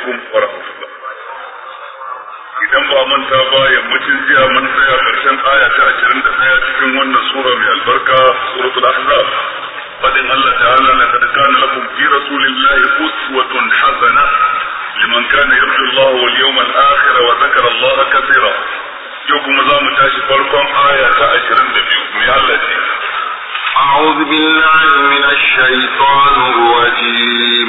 alaikum wa rahmatullah idan ba mun ta ba ya mutun jiya mun tsaya karshen aya ta 21 cikin wannan sura mai albarka suratul ahzab fadin Allah ta'ala laqad kana lakum fi rasulillahi uswatun hasana liman kana yarju Allah wal yawm al akhir wa dhakara Allah katira yau kuma za mu tashi farkon aya ta 22 mai Allah ce أعوذ بالله من الشيطان الرجيم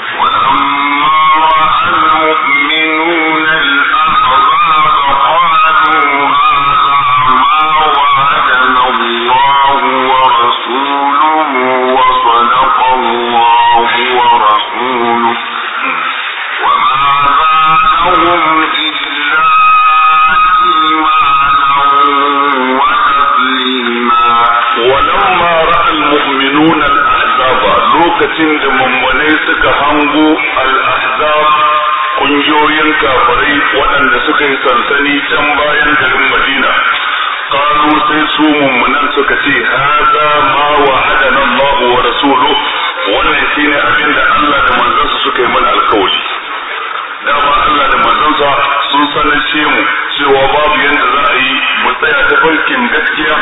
lokacin da mummunai suka hango al ƙungiyoyin kungiyoyin kafirai waɗanda suka yi sansani can bayan garin Madina qalu sai su mummunan suka ce haza ma wa nan Allah wa rasuluhu wannan shine abin da Allah da manzansa suka yi mana alkawari dama Allah da manzansa sun sanace mu cewa babu yadda za a yi mu tsaya ta farkin gaskiya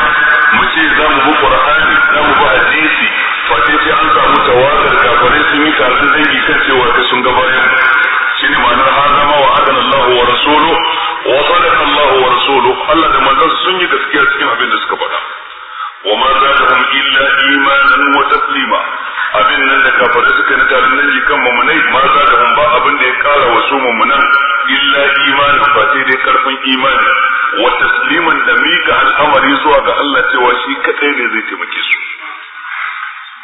mu ce za mu bi ƙur'ani za mu bi hadisi fatin sai an samu tawadar kafarin sun yi tarin dangi kan cewa sai sun ga bayan ne ma'anar hada ma wa adana Allah wa rasulu wa sadar Allah wa rasulu Allah da manzon sun yi gaskiya cikin abin da suka faɗa wa ma za ta zadahum illa imanin wa taslima abin nan da kafarin suka yi tarin dangi kan mamanai ma zadahum ba abin da ya kara wa su illa imanin ba sai dai karfin imani wa tasliman da mika al'amari zuwa ga Allah cewa shi kadai ne zai taimake su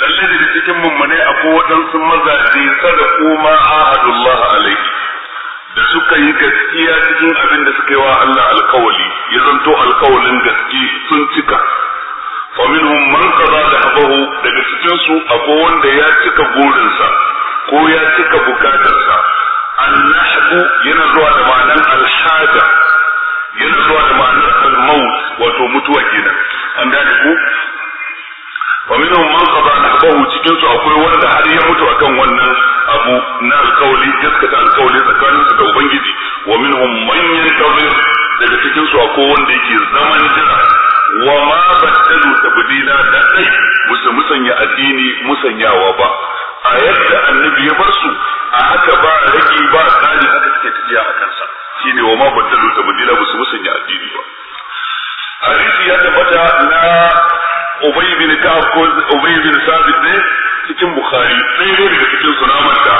lalle da cikin mummune maza waɗansu mazaje sadaku ma ahadullah alaihi da suka yi gaskiya cikin abin da suka yi wa Allah alkawali ya zanto alkawalin gaske sun cika fa minhum man qada dhabahu daga cikinsu su akwai wanda ya cika burinsa ko ya cika bukatarsa annahbu yana zuwa da ma'anar alhada yana zuwa da ma'anar almaut wato mutuwa kenan an gane ku wa minhum man qada nahbahu cikin su akwai wanda har ya mutu akan wannan abu na alkawli gaskata alkawli tsakanin su da ubangiji wa minhum man yantazir daga cikin su akwai wanda yake zaman jira wa ma baddalu tabdila da dai musu musanya addini musanyawa ba a yadda annabi ya bar su a haka ba rage ba tsari haka suke tafiya a kansa shine wa ma baddalu tabdila musu musanya addini ba hadisi ya tabbata na ubay bin ka'ab ko ubay bin sabit ne cikin bukhari sai dai daga cikin sunan ta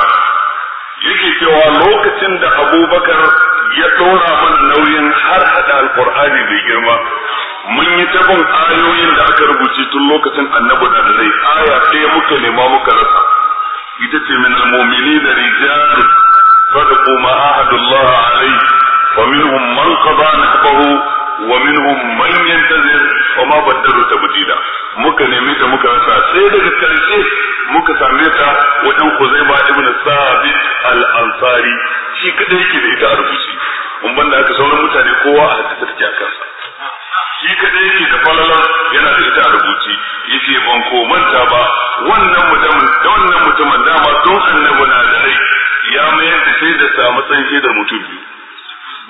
yake cewa lokacin da abubakar ya dora man nauyin har hada alqur'ani mai girma mun yi ta ayoyin da aka rubuce tun lokacin annabi da zai aya ɗaya muka nema muka rasa ita ce min almu'mini da rijal sadaqu ma ahadullah alayhi wa minhum man qada nahbahu wa من ينتظر وما wa تبديلا muka nemi ta muka rasa sai daga karshe muka same ta wajen Kuzaiba ibn Sabit al-Ansari shi kadai yake da ita a rubuce mun da haka sauran mutane kowa a haka take a kansa shi kadai yake da falalan yana da ita a rubuce yace ban ko manta ba wannan mutumin da wannan mutumin dama don annabi na da rai ya mayar da sai da sa matsayin da mutum biyu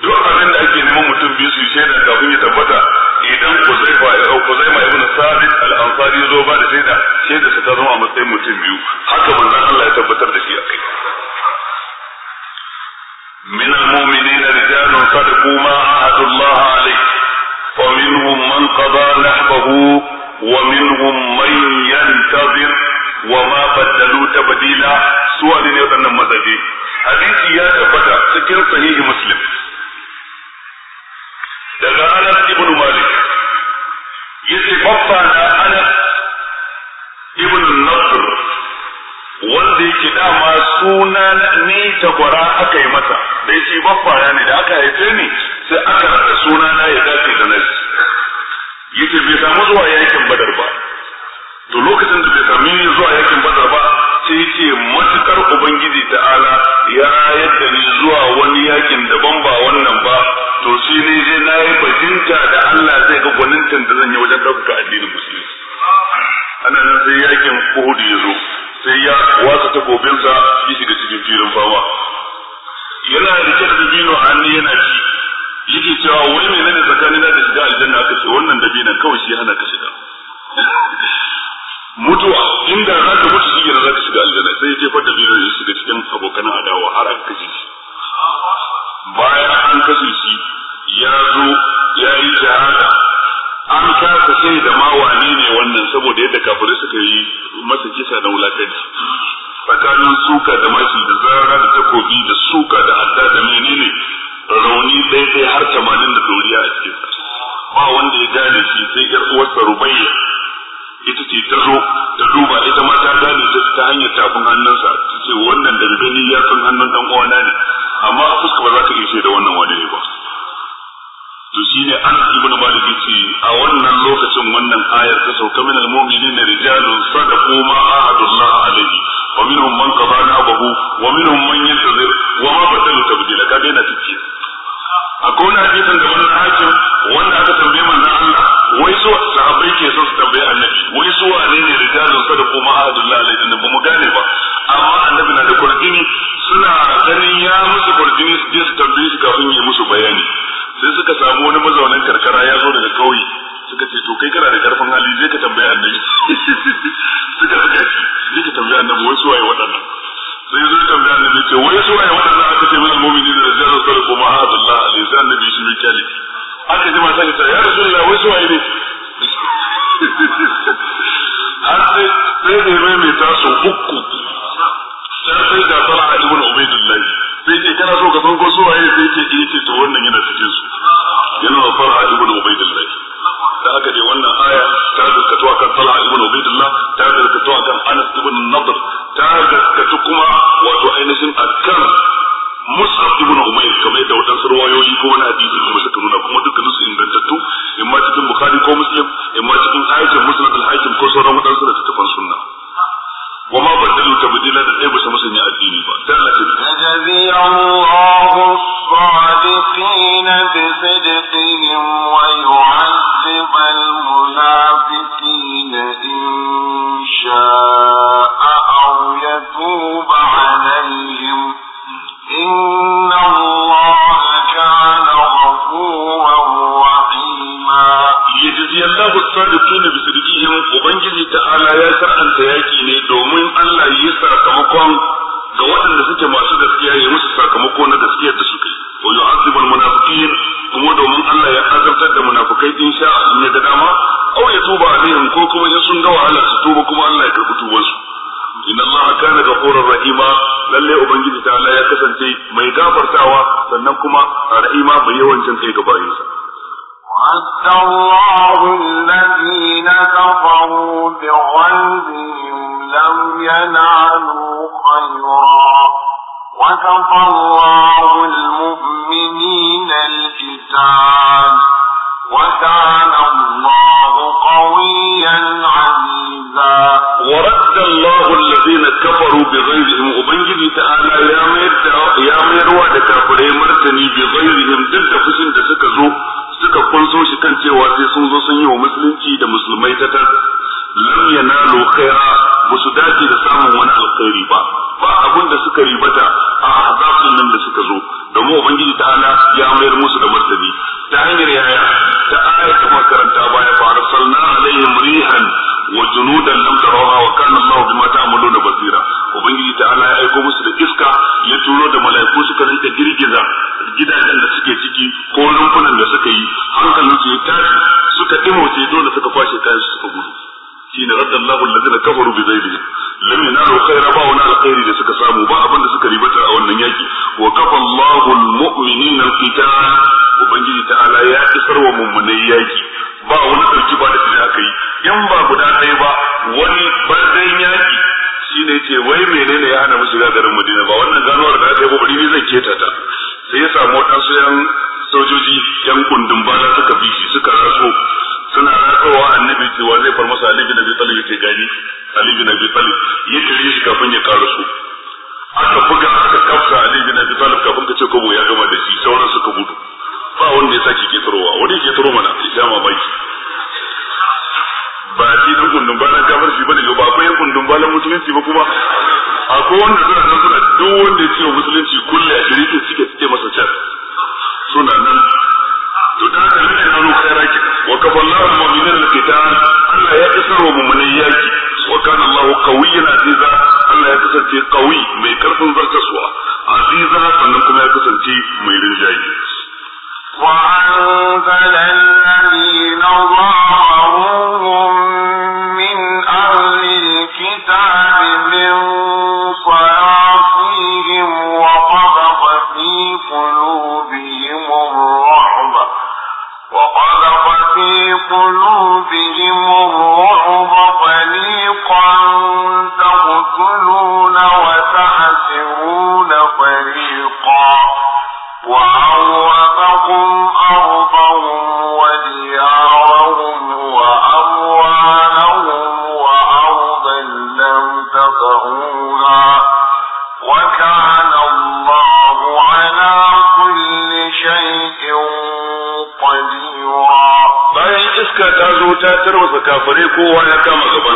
duk abin da ake neman mutum biyu su shaida kafin ya tabbata idan Kuzaifa ya Kuzaima ibn Sabit al-Ansari zo ba da shaida shaida ta zama a matsayin mutum biyu haka manzon Allah ya tabbatar da shi akai من المؤمنين رجال صدقوا ما عهدوا الله عليه ومنهم من قضى نحبه ومنهم من ينتظر وما بدلوا تبديلا سؤال يتنمى ذلك حديث يا تبدا سكن صحيح مسلم daga Anas ibn Malik yace babba na Anas ibn Nasr wanda yake dama suna ne takwara aka yi masa da yake babba na ne da aka haife ni sai aka rasa suna na ya dace da nasi yace bai samu zuwa yakin badar ba ce matukar ubangiji ta'ala ya yadda ni zuwa wani yakin daban ba wannan ba to shi ne zai na yi bajinta da Allah zai ga gwanintan da zan yi wajen ɗaukaka addinin musulunci ana nan sai yakin Uhud ya zo sai ya wasa takobinsa ya shiga cikin filin fama yana rike da dabino a hannu yana ci yake cewa wani mai menene tsakanin da shiga aljanna aka ce wannan dabinan kawai shi hana ka shiga mutuwa inda za ta mutu shi yana za ta shiga aljanna sai ya jefar da ya shiga cikin abokan adawa har aka kashe shi bayan an kashe shi ya zo ya yi jihada an kasa sai da ma wane ne wannan saboda yadda kafirai suka yi masa kisa na wulakanci tsakanin suka da mashi da zara da takobi da suka da adda da menene rauni ɗaya har tamanin da doriya a cikin ba wanda ya gane shi sai yar uwarsa rubayya ita ce ta zo ta duba ita ma ta gane ta ta hanyar tafin hannunsa ta ce wannan daga gani ya san hannun dan uwana ne amma a fuska ba za ka iya da wannan wani ne ba to shi ne an ibn malik yace a wannan lokacin wannan ayar ta sauka min almu'minina rijalun sadaqu ma ahadullah alayhi wa minhum man qada nabahu wa minhum man yantazir wa ma badalu tabdila kaga yana cike akwai wani hadisin da wannan hakim wanda aka tambaye manzon Allah wai su sahabbai ke son su tambayi annabi wai su ne ne rijalun sada ma ahadullah alaihi da ba mu gane ba amma annabi na da kurjini suna ganin ya musu kurjini su je su tambayi su kafin yi musu bayani sai suka samu wani mazaunin karkara ya zo daga kauye suka ce to kai kana da karfin hali zai ka tambayi annabi suka suka ce zai ka tambayi annabi wai su waye waɗannan sai zai tambayi annabi ce wai su waye waɗannan aka ce min al-mu'minin da rijalun sadaqu ma ahadullah alaihi dan annabi shi mai kyaliki aka ji masu ta ya rasu da wasu waye ne har sai sai da mai mai taso uku sai sai da tsara a ibn ubaidullah sai ce kana so ka san ko su waye sai ce eh ce to wannan yana cikin su yana da fara ibn ubaidullah da aka je wannan aya ta gaskatu akan tsara ibn ubaidullah ta gaskatu akan anas ibn nadr ta gaskatu kuma wato ainihin akan mus'ab ibn umayr kamar da wadansu ruwayoyi ko wani hadisi kuma suka nuna kuma dukkanin su ingantattu ma cikin bukhari ko muslim ma cikin ayatul musnad al-hakim ko sauran wadansu da tafan sunna wa ma badalu tabdila da dai ba su musanya addini ba dan Allah jazi as-sadiqina bi sidqihim wa kafirai kowa ya kama gaba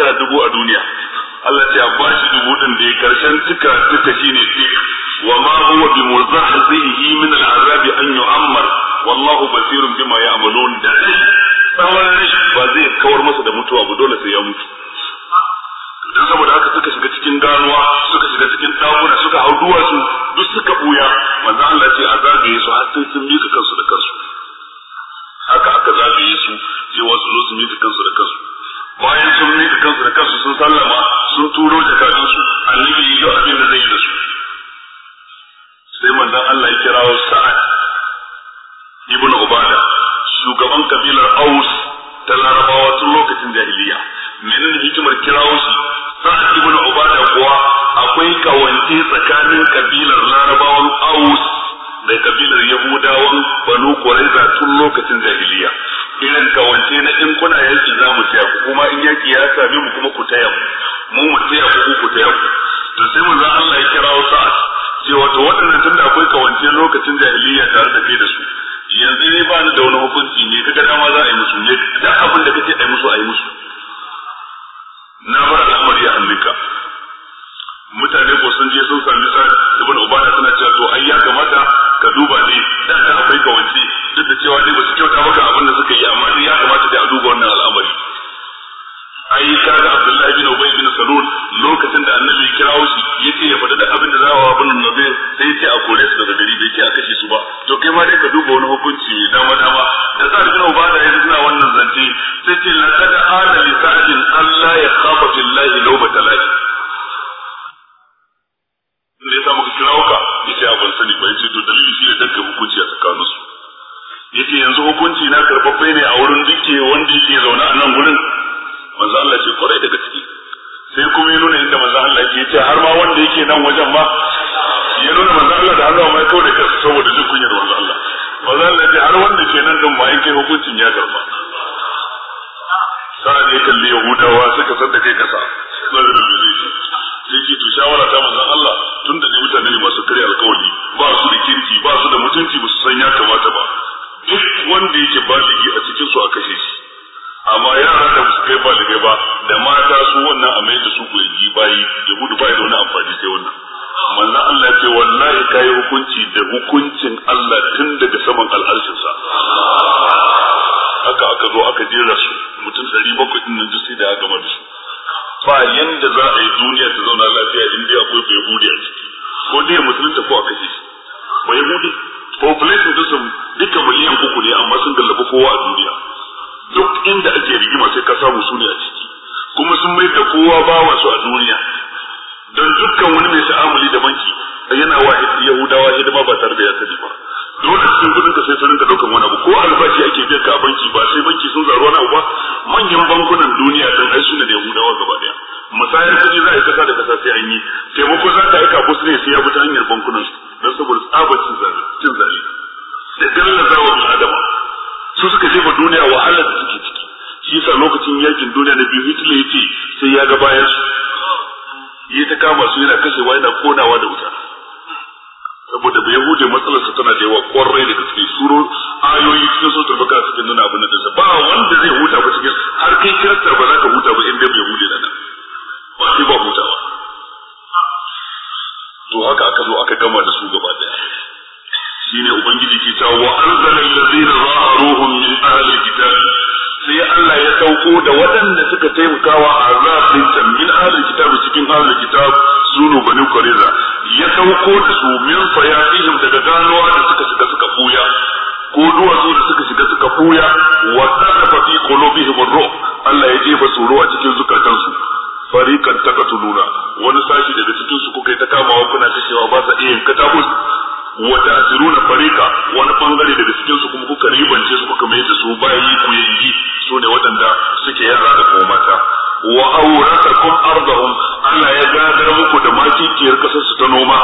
cika dubu a duniya Allah ta ba bashi dubu din da ya karshen cika cika shine ce wa ma huwa bi muzahzihi min al'azab an yu'ammar wallahu basirun bima ya'malun da tsawon ba zai kawar masa da mutuwa ba dole sai ya mutu dan saboda haka suka shiga cikin ganuwa suka shiga cikin ɗakuna suka hau duwatsu duk suka buya manzo Allah ce a zagaye su har sai sun mika kansu da kansu haka aka zagaye su cewa su zo su mika kansu da kansu bayan sun mika kansu da kansu sun sallama sun turo jakadun su annabi yi duk abin da zai yi da su sai manzon Allah ya kira wa sa'ad ibnu ubada shugaban kabilar aus ta larabawa tun lokacin jahiliya menene hikimar kirawo shi sa'ad ibnu ubada kuwa akwai kawance tsakanin kabilar larabawan aus da kabilar yahudawan banu quraiza tun lokacin jahiliya irin kawance na in kuna yaki za mu taya ku kuma in yaki ya sami mu kuma ku taya mu mu mu taya ku ku taya mu to sai zan Allah ya kira wasu a cewa to tun tunda akwai kawance lokacin jahiliyya tare da kai da su yanzu ne ba ni da wani hukunci ne kaga dama za a yi musu ne da abin da kake a yi musu a yi musu na bar al'amari a hannunka mutane ko sun je sun sami sa ibn ubada suna cewa to ai ya kamata ka duba ne dan da akwai kawanci duk da cewa ne ba su kyauta maka abin da suka yi amma dai ya kamata dai a duba wannan al'amari ai ga abdullahi bin ubay bin salul lokacin da annabi ya kirawo shi yace ya faɗi da abin da za a abin nabi sai ce a kore su daga gari bai ce a kashe su ba to kai ma dai ka duba wani hukunci ne dama dama da sa ibn ubada ya suna wannan zance sai ce la ta'ala li sa'in alla yakhafu billahi lawbata lahi da ya samu kira ka ya a abin ah, sani bai ce, to dalili shi ne dan hukunci a tsakanin su ce yanzu hukunci na karbabbe ne a wurin duke wanda yake zaune a nan gudun. manzo Allah ce kwarai daga ciki sai kuma ya nuna inda manzo Allah ke ce har ma wanda yake nan wajen ma ya nuna manzo Allah da Allah mai kawai kansa saboda jin kunyar manzo Allah manzo Allah ce har wanda ke nan din ma yake hukuncin ya karba sai ya kalli yahudawa suka san kasa kai kasa. yake to shawara ta manzon Allah tunda ne mutane ne su karya alƙawari ba su da kirki ba su da mutunci ba su san ya kamata ba duk wanda yake baligi a cikin su a kashe shi amma yara da su kai baligai ba da mata su wannan a mai da su koyi bayi da gudu bayi da wani amfani sai wannan manzon Allah ya ce wallahi kai hukunci da hukuncin Allah tun daga saman sa haka aka zo aka jera su mutum 700 din nan duk sai da ya gama da su ba yanda za a yi duniya ta zauna lafiya in dai akwai bai hudu a ciki ko dai musulunta mutum a kashe kashi bai hudu population din sun duka miliyan uku ne amma sun gallaba kowa a duniya duk inda ake rigima sai ka samu su ne a ciki kuma sun mai da kowa bawa su a duniya don dukkan wani mai sha'amuli da banki yana wa yahudawa hidima ba tare da ya sani ba dole cikin kudin ka sai sanin ka wani abu ko albashi ake biyan ka banki ba sai banki sun zaro wani abu ba manyan bankunan duniya don ai su ne da yahudawa gaba daya musayar kudi za a yi kasa da kasa sai an yi taimako za ka aika ko ne sai ya bi ta hanyar bankunan don saboda tsabar cin zali cin zali da gallaza wa adama su suka jefa duniya wahalar da suke ciki shi yasa lokacin yakin duniya na biyu Hitler ya ce sai ya ga bayan su yi ta kama su yana kashewa yana konawa da wuta saboda bai matsalar matsalarsa tana da yawa kwarai da gaske suro ayoyi cikin sautar baka cikin nuna abin da ba wanda zai huta ba cikin har kai kirista ba za ka huta ba inda bai hude da nan ba sai ba hutawa to haka aka zo aka gama da su gaba daya shine ubangiji ke cewa wa anzala allazina zaharuhum min ahli alkitab sai Allah ya sauko da waɗanda suka taimakawa a rafin min ahlul kitab cikin ahlul kitab sunu bani qurayza ya sauko da su min fayatihim daga ganuwa da suka shiga suka buya ko duwatsu da suka shiga suka buya wa tsafa fi qulubihim ar ruh Allah ya jefa tsoro a cikin su fariqan takatuluna wani sashi daga cikin su kuka ta ta wa kuna kashewa ba sa iya katabus wa ta'siruna fariqa wani bangare daga cikin su kuma kuka ribance su kuka mai da su bayi ku yi su ne waɗanda suke yara da kuma mata wa awratakum ardahum Allah ya gadar muku da makikiyar kasar su ta noma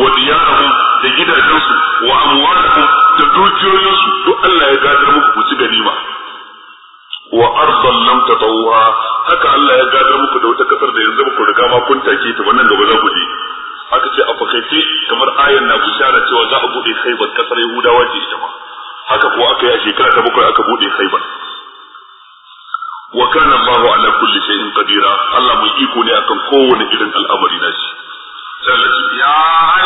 wa diyarahum da gidajen su wa amwalakum da dukiyoyin su duk Allah ya gadar muku ku ci ganima wa ardan lam tatawwa haka Allah ya gadar muku da wata kasar da yanzu ba ku riga ma kun take ta nan gaba za ku je aka ce a fakaice kamar ayan na bishara cewa za a bude khaibar kasar yahudawa ce ita ma haka kowa aka yi a shekara ta bakwai aka bude khaibar wa kana Allahu ala kulli shay'in qadira Allah mai iko ne akan kowane irin al'amari na shi sallallahu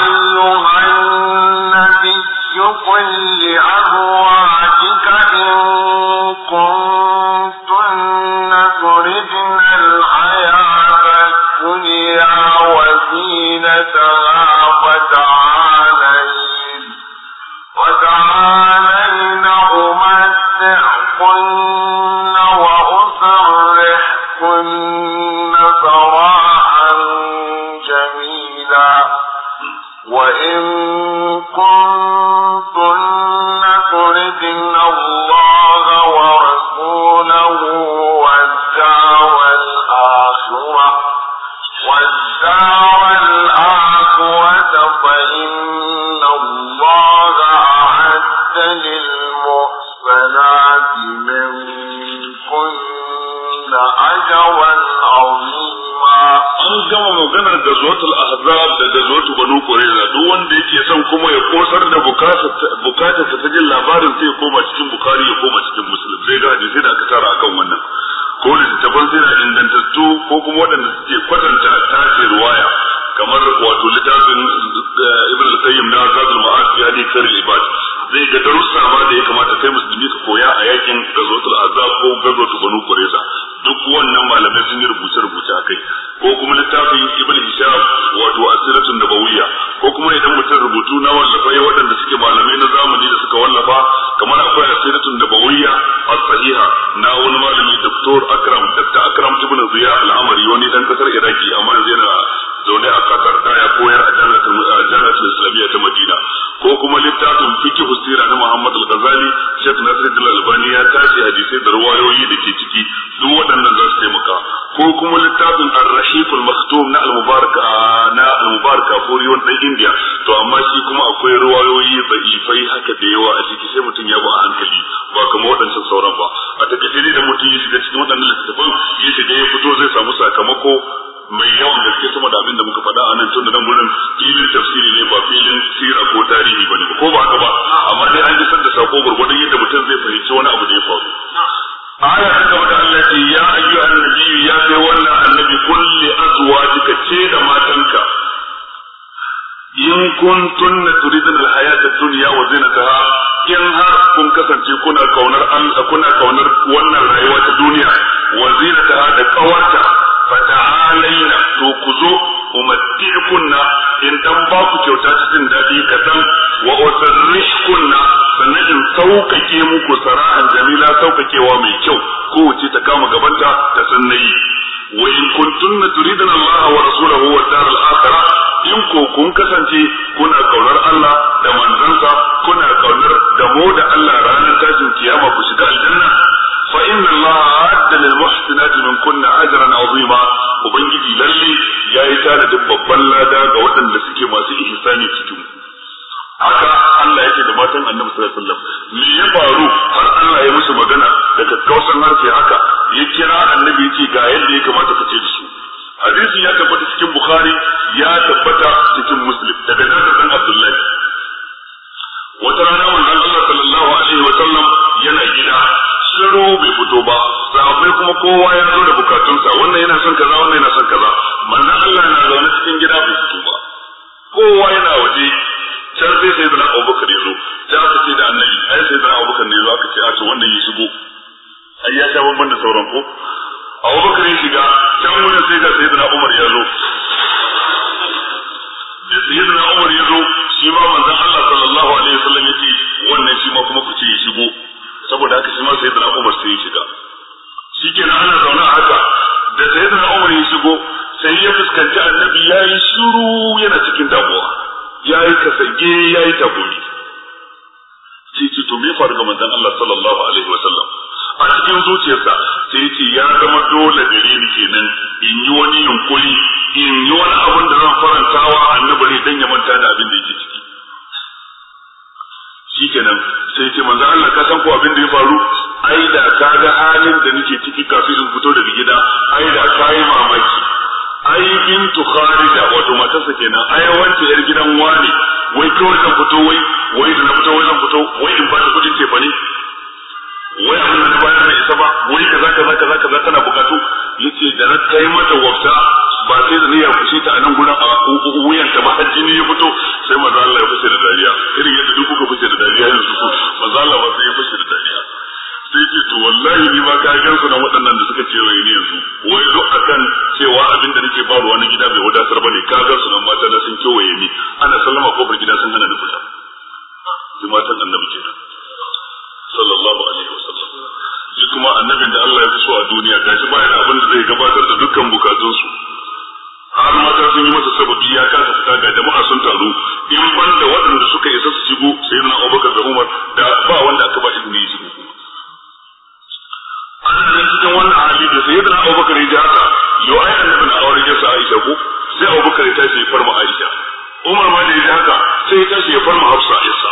kuma annabin da Allah ya fi so a duniya shi bayan abin da zai gabatar da dukkan bukatunsu har mata sun yi masa sababi ya kasa fita ga jama'a sun taru in ban da waɗanda suka isa su shigo sai na Abubakar da Umar da ba wanda aka ba izini ya shigo annan cikin wannan hali da sai na Abubakar ya ji haka yau ai annabin a wurin sa Aisha ko sai Abubakar ya tashi ya farma Aisha Umar ma da ya ji haka sai ya tashi ya farma Hafsa ya sa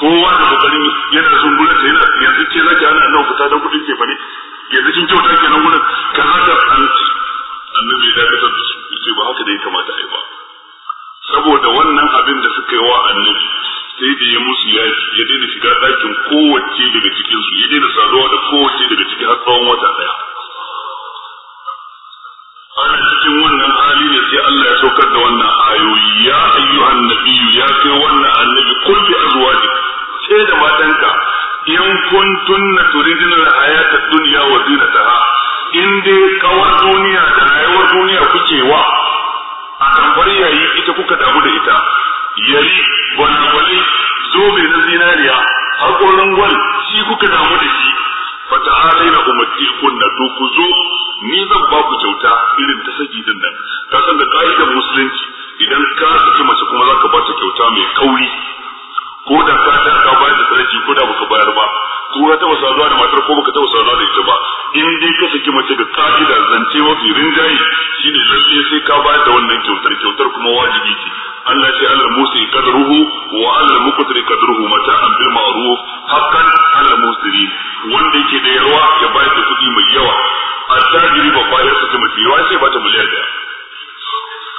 kowa da kokarin yadda sun gura ta yadda yanzu ce za ki hana annabi fita don kuɗin ke fane yanzu kin kyauta kenan ka kaza da hanci annabi ya dakatar da su ce ba haka da ya kamata a yi ba saboda wannan abin da suka yi wa annabi sai da ya musu ya yi ya daina shiga ɗakin kowace daga cikin su ya daina saduwa da kowace daga cikin har tsawon wata ɗaya ana cikin wannan hali ne sai Allah ya saukar da wannan ayoyi ya ayyuhan nabiyyu ya kai wannan annabi kulli azwajik kai da matanka in kuntunna turidinal hayata dunya wa ha in dai kawar duniya da rayuwar duniya kuke wa a tambar yayi ita kuka damu da ita yari gwalgwale zobe na zinariya har gwal shi kuka damu da shi fata alai na umarci kunna to ku ni zan ba ku kyauta irin ta saki din nan ka san da ka'idar musulunci idan ka saki mace kuma za ka ba ta kyauta mai kauri ko da ka san ka bayar da sadaki ko da baka bayar ba ko ka taba saduwa da matar ko baka taba saduwa da ita ba in dai ka saki mace da ka'ida zance mafi rinjaye shine lalle sai ka bayar da wannan kyautar kyautar kuma wajibi ce Allah ce Allah musu kadruhu wa Allah muqtari kadruhu an bil ma'ruf haqqan Allah musiri wanda yake da yawa ya bayar da kuɗi mai yawa a tsari ba bayar ta mace yawa sai ba ta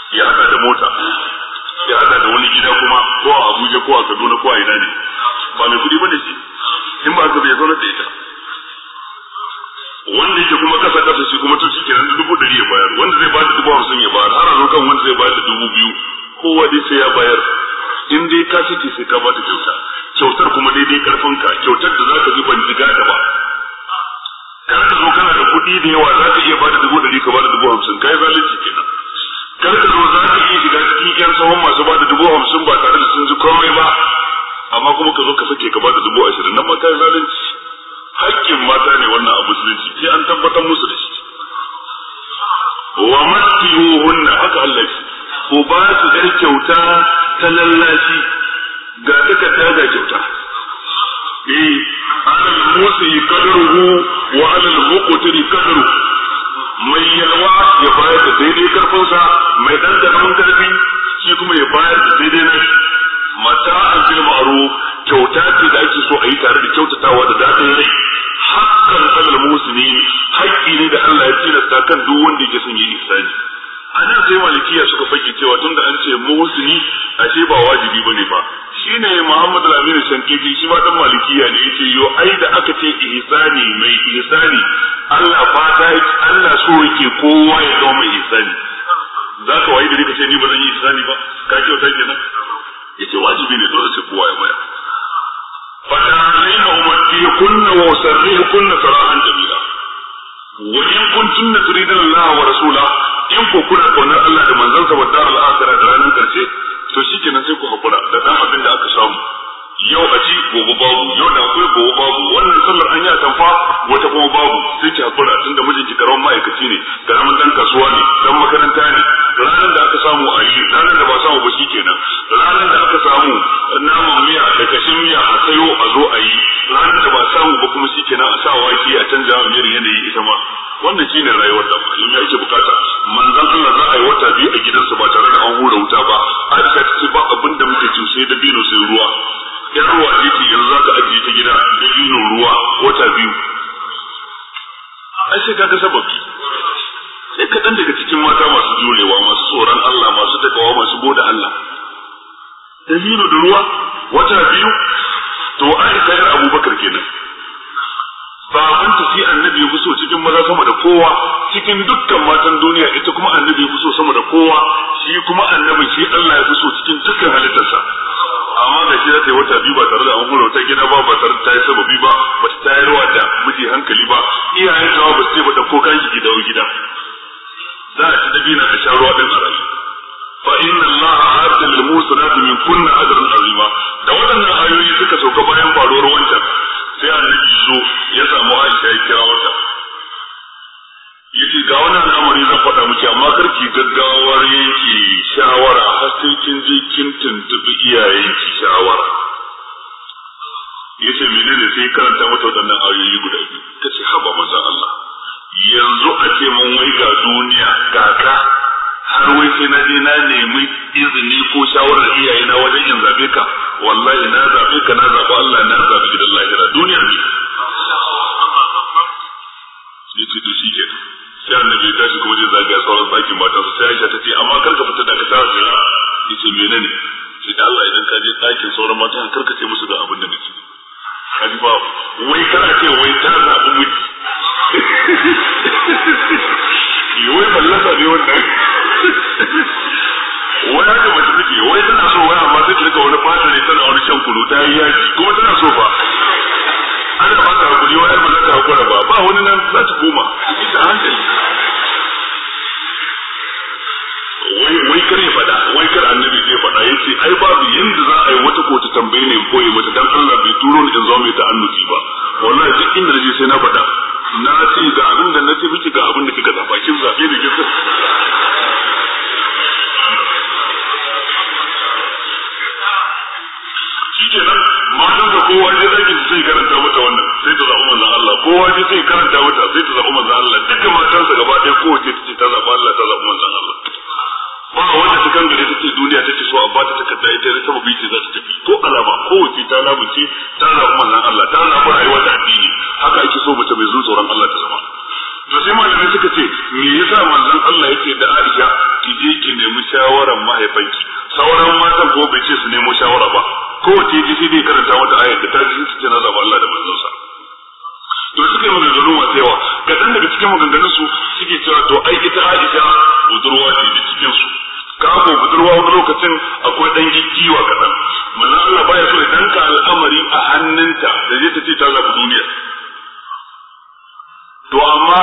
ya haɗa da mota ya haɗa da wani gida kuma ko a Abuja ko a Kaduna ko a ina ne ba mai kuɗi bane shi in ba ka bai zauna da ita wanda yake kuma kasa kasa shi kuma to shike nan dubu ɗari ya bayar wanda zai bada dubu hamsin ya bayar har a zo kan wanda zai bada dubu biyu kowa dai sai ya bayar in dai ka sake sai ka bata kyauta kyautar kuma daidai ka kyautar da za ka ji ban jiga da ba kana ka zo kana da kuɗi da yawa za ka iya bada dubu ɗari ka bada dubu hamsin ka yi zalunci kenan karka zo za ka iya shiga cikin yan tsohon masu ba da dubu hamsin ba tare da sun ji komai ba amma kuma ka zo ka sake ka ba da dubu ashirin nan mata ka yi zalunci hakkin mata ne wannan a musulunci sai an tabbatar musu da shi wa masihuhunna haka Allah shi ko ba su dar kyauta ta lallashi ga duka ta ga kyauta eh alal musi qadruhu wa alal muqtiri qadruhu mai yalwa ya bayar da daidai karfinsa mai dandanamin karfi shi kuma ya bayar da daidai na mata an fil ma'ruf kyauta ce da ake so a yi tare da kyautatawa da dadin rai hakkan alal musulmi haƙƙi ne da Allah ya tilasta kan duk wanda yake son yin ihsani a nan sai malikiya suka fage cewa tunda an ce musuni ashe ba wajibi bane ba shine Muhammad Al-Amin Shankiti shi ba dan malikiya ne yace yo ai da aka ce ihsani mai ihsani Allah fata Allah so yake kowa ya zama mai ihsani za ka wayi da kace ni ba zan yi ihsani ba ka ce wata kenan yace wajibi ne dole sai kowa ya mai fa ta'alayna ummati kunna wa sarri kunna sarahan jamila wa in na turidun Allah wa rasula in ko kuna Allah da manzansa wa dar da ranar karshe to shi shikenan sai ku hakura da dan abin da aka samu yau a ci gobe babu yau da akwai gobe babu wannan sallar an yi a tamfa wata kuma babu sai ki hakura tunda mijinki karamin ma'aikaci ne karamin dan kasuwa ne dan makaranta ne ranar da aka samu a yi ranar da ba samu ba kenan ranar da aka samu naman miya da kashin miya a sayo a zo a yi ranar da ba samu ba kuma kenan a sa ke a canza a miyar yanayi ita ma wannan shine rayuwar da mutum ya yake bukata manzon Allah za a yi wata biyu a gidansa ba tare da an hura wuta ba a ba abin da muke ci sai da bino sai ruwa ruwa waje ce yanzu za ka ajiye ta gida da yunin ruwa wata biyu ai sai kaga sababi sai kaɗan daga cikin mata masu jurewa masu tsoron Allah masu takawa masu bude Allah da yunin da ruwa wata biyu to ai kayar abubakar kenan Ba ta tafi annabi ya so cikin maza sama da kowa cikin dukkan matan duniya ita kuma annabi ya so sama da kowa shi kuma annabi shi Allah ya so cikin dukkan halittarsa amma da shi za ta yi wata biyu ba tare da an gura wata gida ba ba tare ta yi sababi ba ba ta ruwa da miji hankali ba iyayen kawo ba ce ba ta ko kan gida wa gida za a ci dabi na ta sha ruwa din a rai fa inna allaha adda na fi min kunna ajran azima da waɗannan ayoyi suka sauka bayan faruwar wancan sai annabi zo ya samu Aisha ya kira wata yace ga wani al'amari zan faɗa miki amma kar ki gaggawar yanke shawara har sai kin je kin tuntubi ki shawara yace menene sai karanta mata waɗannan ayoyi guda biyu tace haba maza Allah yanzu a ce mun wai ga duniya ga ka har wai sai na je na nemi izini ko shawarar iyayena wajen yin zabe ka wallahi na zabe ka na zabi Allah na zabi gidan lahira duniya ne sai annabi ya tashi kuma zai zagaya sauran ɗakin mata su sai Aisha ta ce amma karka fita da ka tara jira yace menene sai da Allah idan ka je ɗakin sauran matan karka ce musu ga abin da nake kaji ba wai kana ce wai ta zaɓi miki wai ballasa ne wannan wai haka mace take wai tana so wai amma take daga wani fata ne tana wani shan kunu ta yi yaji kuma tana so ba ana ba ta hakuri wani ba za ta hakura ba ba wani nan za ta koma ita hankali wai wai kar ya fada wai kar annabi zai fada yace ai babu yanda za a yi wata ko ta tambaye ne ko mata dan Allah bai turo ni in zo mai ta'annuci ba wallahi duk inda naje sai na fada na ce ga abin da nace miki ga abin da kika zaba kin zabe da kika nan duka kowa ya zaki su sai karanta mata wannan sai ta zaɓi manzan Allah kowa ya sai karanta mata sai ta zaɓi manzan Allah duka matansa gaba ɗaya kowace ta ce ta zaɓi Allah ta zaɓi manzan Allah ba wanda ta kan gare ta ce duniya ta ce so a bata takarda ita ta sababi ce za ta tafi ko alama kowace ta lamunce ta zaɓi manzan Allah ta zaɓi rayuwa ta addini haka ake so mace mai zuwa tsoron Allah ta zama to sai malamai suka ce me yasa manzan Allah yake da Aisha ki je ki nemi shawaran mahaifanki sauran matan ko bai ce su nemo shawara ba kowace ji sai dai karanta mata ayar da ta ji su ce na zaɓa Allah da manzonsa to suka yi maganganu masu yawa kaɗan daga cikin maganganun su suke cewa to ai ita Aisha budurwa ce da cikin su ka ko budurwa wani lokacin akwai dan giwa kaɗan manzon Allah ya so ya danka al'amari a hannunta da zai ta ce ta zaɓi duniya to amma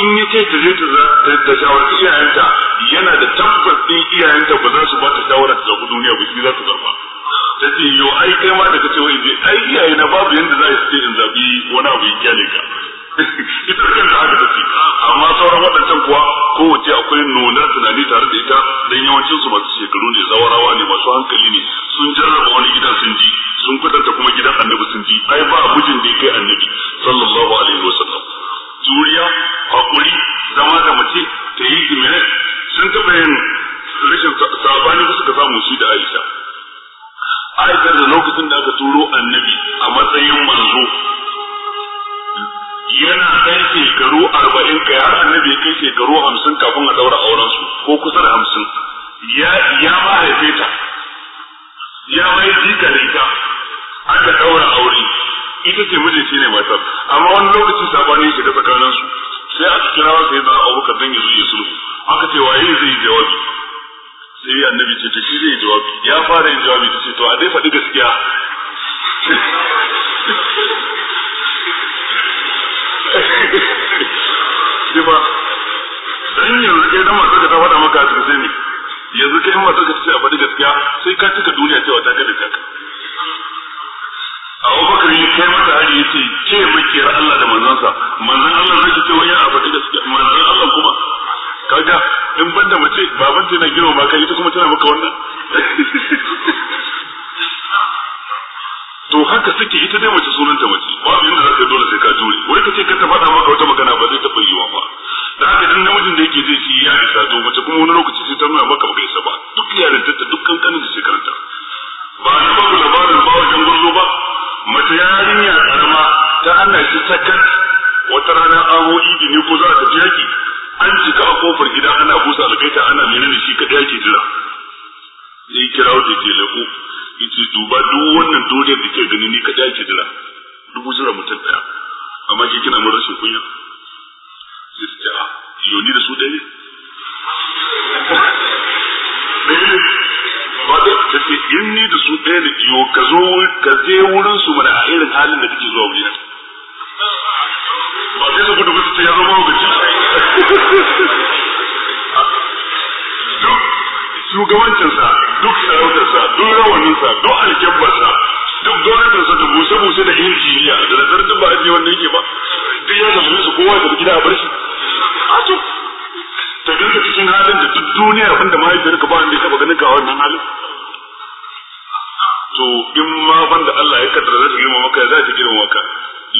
in yi ce ta zai ta shawarci iyayenta yana da tabbas ɗin iyayenta ba za su ba ta shawarar ta zaɓi duniya ba shi za ta zarfa. ta ce yo ai kai ma da kace wai je ai iyaye na babu yanda za su ce in zabi wani abu ya kyale ka ita kan da haka take amma sauran waɗancan kuwa wace akwai nuna tunani tare da ita dan yawancin su masu shekaru ne zawarawa ne masu hankali ne sun jarraba wani gidan sun ji sun kwatanta kuma gidan annabi sun ji ai ba mijin da kai annabi sallallahu alaihi wasallam juriya hakuri zama da mace ta yi gimere sun taɓa yin rashin sabani da suka samu shi da Aisha aikar da lokacin da aka turo annabi a matsayin manzo yana ɗan shekaru arba'in ka har annabi ya kai shekaru hamsin kafin a daura auren su ko kusan hamsin ya ya ma haife ta ya mai jika da ita aka daura aure ita ce mijin shi ne matar amma wani lokaci sabanin shi da tsakanin su sai aka kira sai da abubakar dan ya zo ya sulhu aka ce waye zai jawabi sai annabi ce to shi zai jawabi ya fara yin jawabi ta ce to a dai faɗi gaskiya ba dan yanzu kai dan masu ka faɗa maka su sai ne yanzu kai sai ka ce a faɗi gaskiya sai ka cika duniya cewa ta kada a wani Bakar ya kai mata hari ya ce ce makiyar Allah da manzansa manzan Allah zai ce wani a faɗi gaskiya manzan Allah kuma kaga in banda mace baban ta na girma ba kai ita kuma tana maka wannan to haka suke ita dai mace sunanta mace abin da zaka dole sai ka jure wai kace ka ta faɗa maka wata magana ba zai taɓa wa ba da haka dan namijin da yake zai ci ya isa to mace kuma wani lokaci sai ta nuna maka kai isa ba duk yaran ta duk kankanin da ta ba na babu labarin ba wajen gurzo ba mace yarinya karama ta ana shi sakat wata rana awo idi ne ko za ta tafi yaki an cika a kofar gida ana busa kaita ana menene shi kadai ake jira sai kira wata ke lagu yace duba duk wannan duniyar da ke gani ni kadai ake jira duk jira mutum daya amma ke kina mun rashin kunya sai su ce a ah, yoni da su dai ba da ta ce in ni da su ɗaya da yo ka zo ka je wurin su mana a irin halin da kake zuwa wuri duk shugabancinsa duk sarautarsa duk rawaninsa duk alkyabbarsa duk gwamnatinsa da buse-buse da injiniya da da zartin ba ajiye wannan yake ba duk ya zama su kowa da gida a bar shi a to ta ganka cikin halin da duk duniya abinda mahaifiyarka ba wanda ya taba ganin ka wannan halin to in ma banda Allah ya kaddara zai girma maka ya zai ta girma maka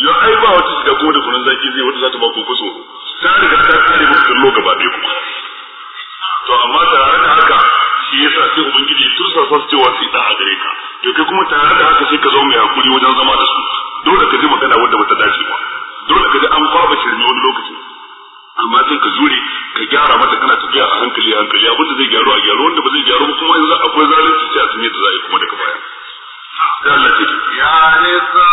ya ai ba wata shiga ko da kunun zaki zai wata za ta ba ku kuso ta riga ta kare mu kallo gaba ɗaya kuma to amma tare da haka shi yasa sai ubangiji tursa sa cewa sai da a gare ka to kai kuma tare da haka sai ka zama mai hakuri wajen zama da su dole ka ji magana ba bata dace ba dole ka ji an kwaba shirme wani lokaci amma sai ka jure ka gyara mata kana tafiya a hankali a hankali abin da zai gyaru a gyaru wanda ba zai gyaru ba kuma yanzu akwai zalunci ta a tunye ta za a yi kuma daga baya. Ya Allah ce. Ya nisa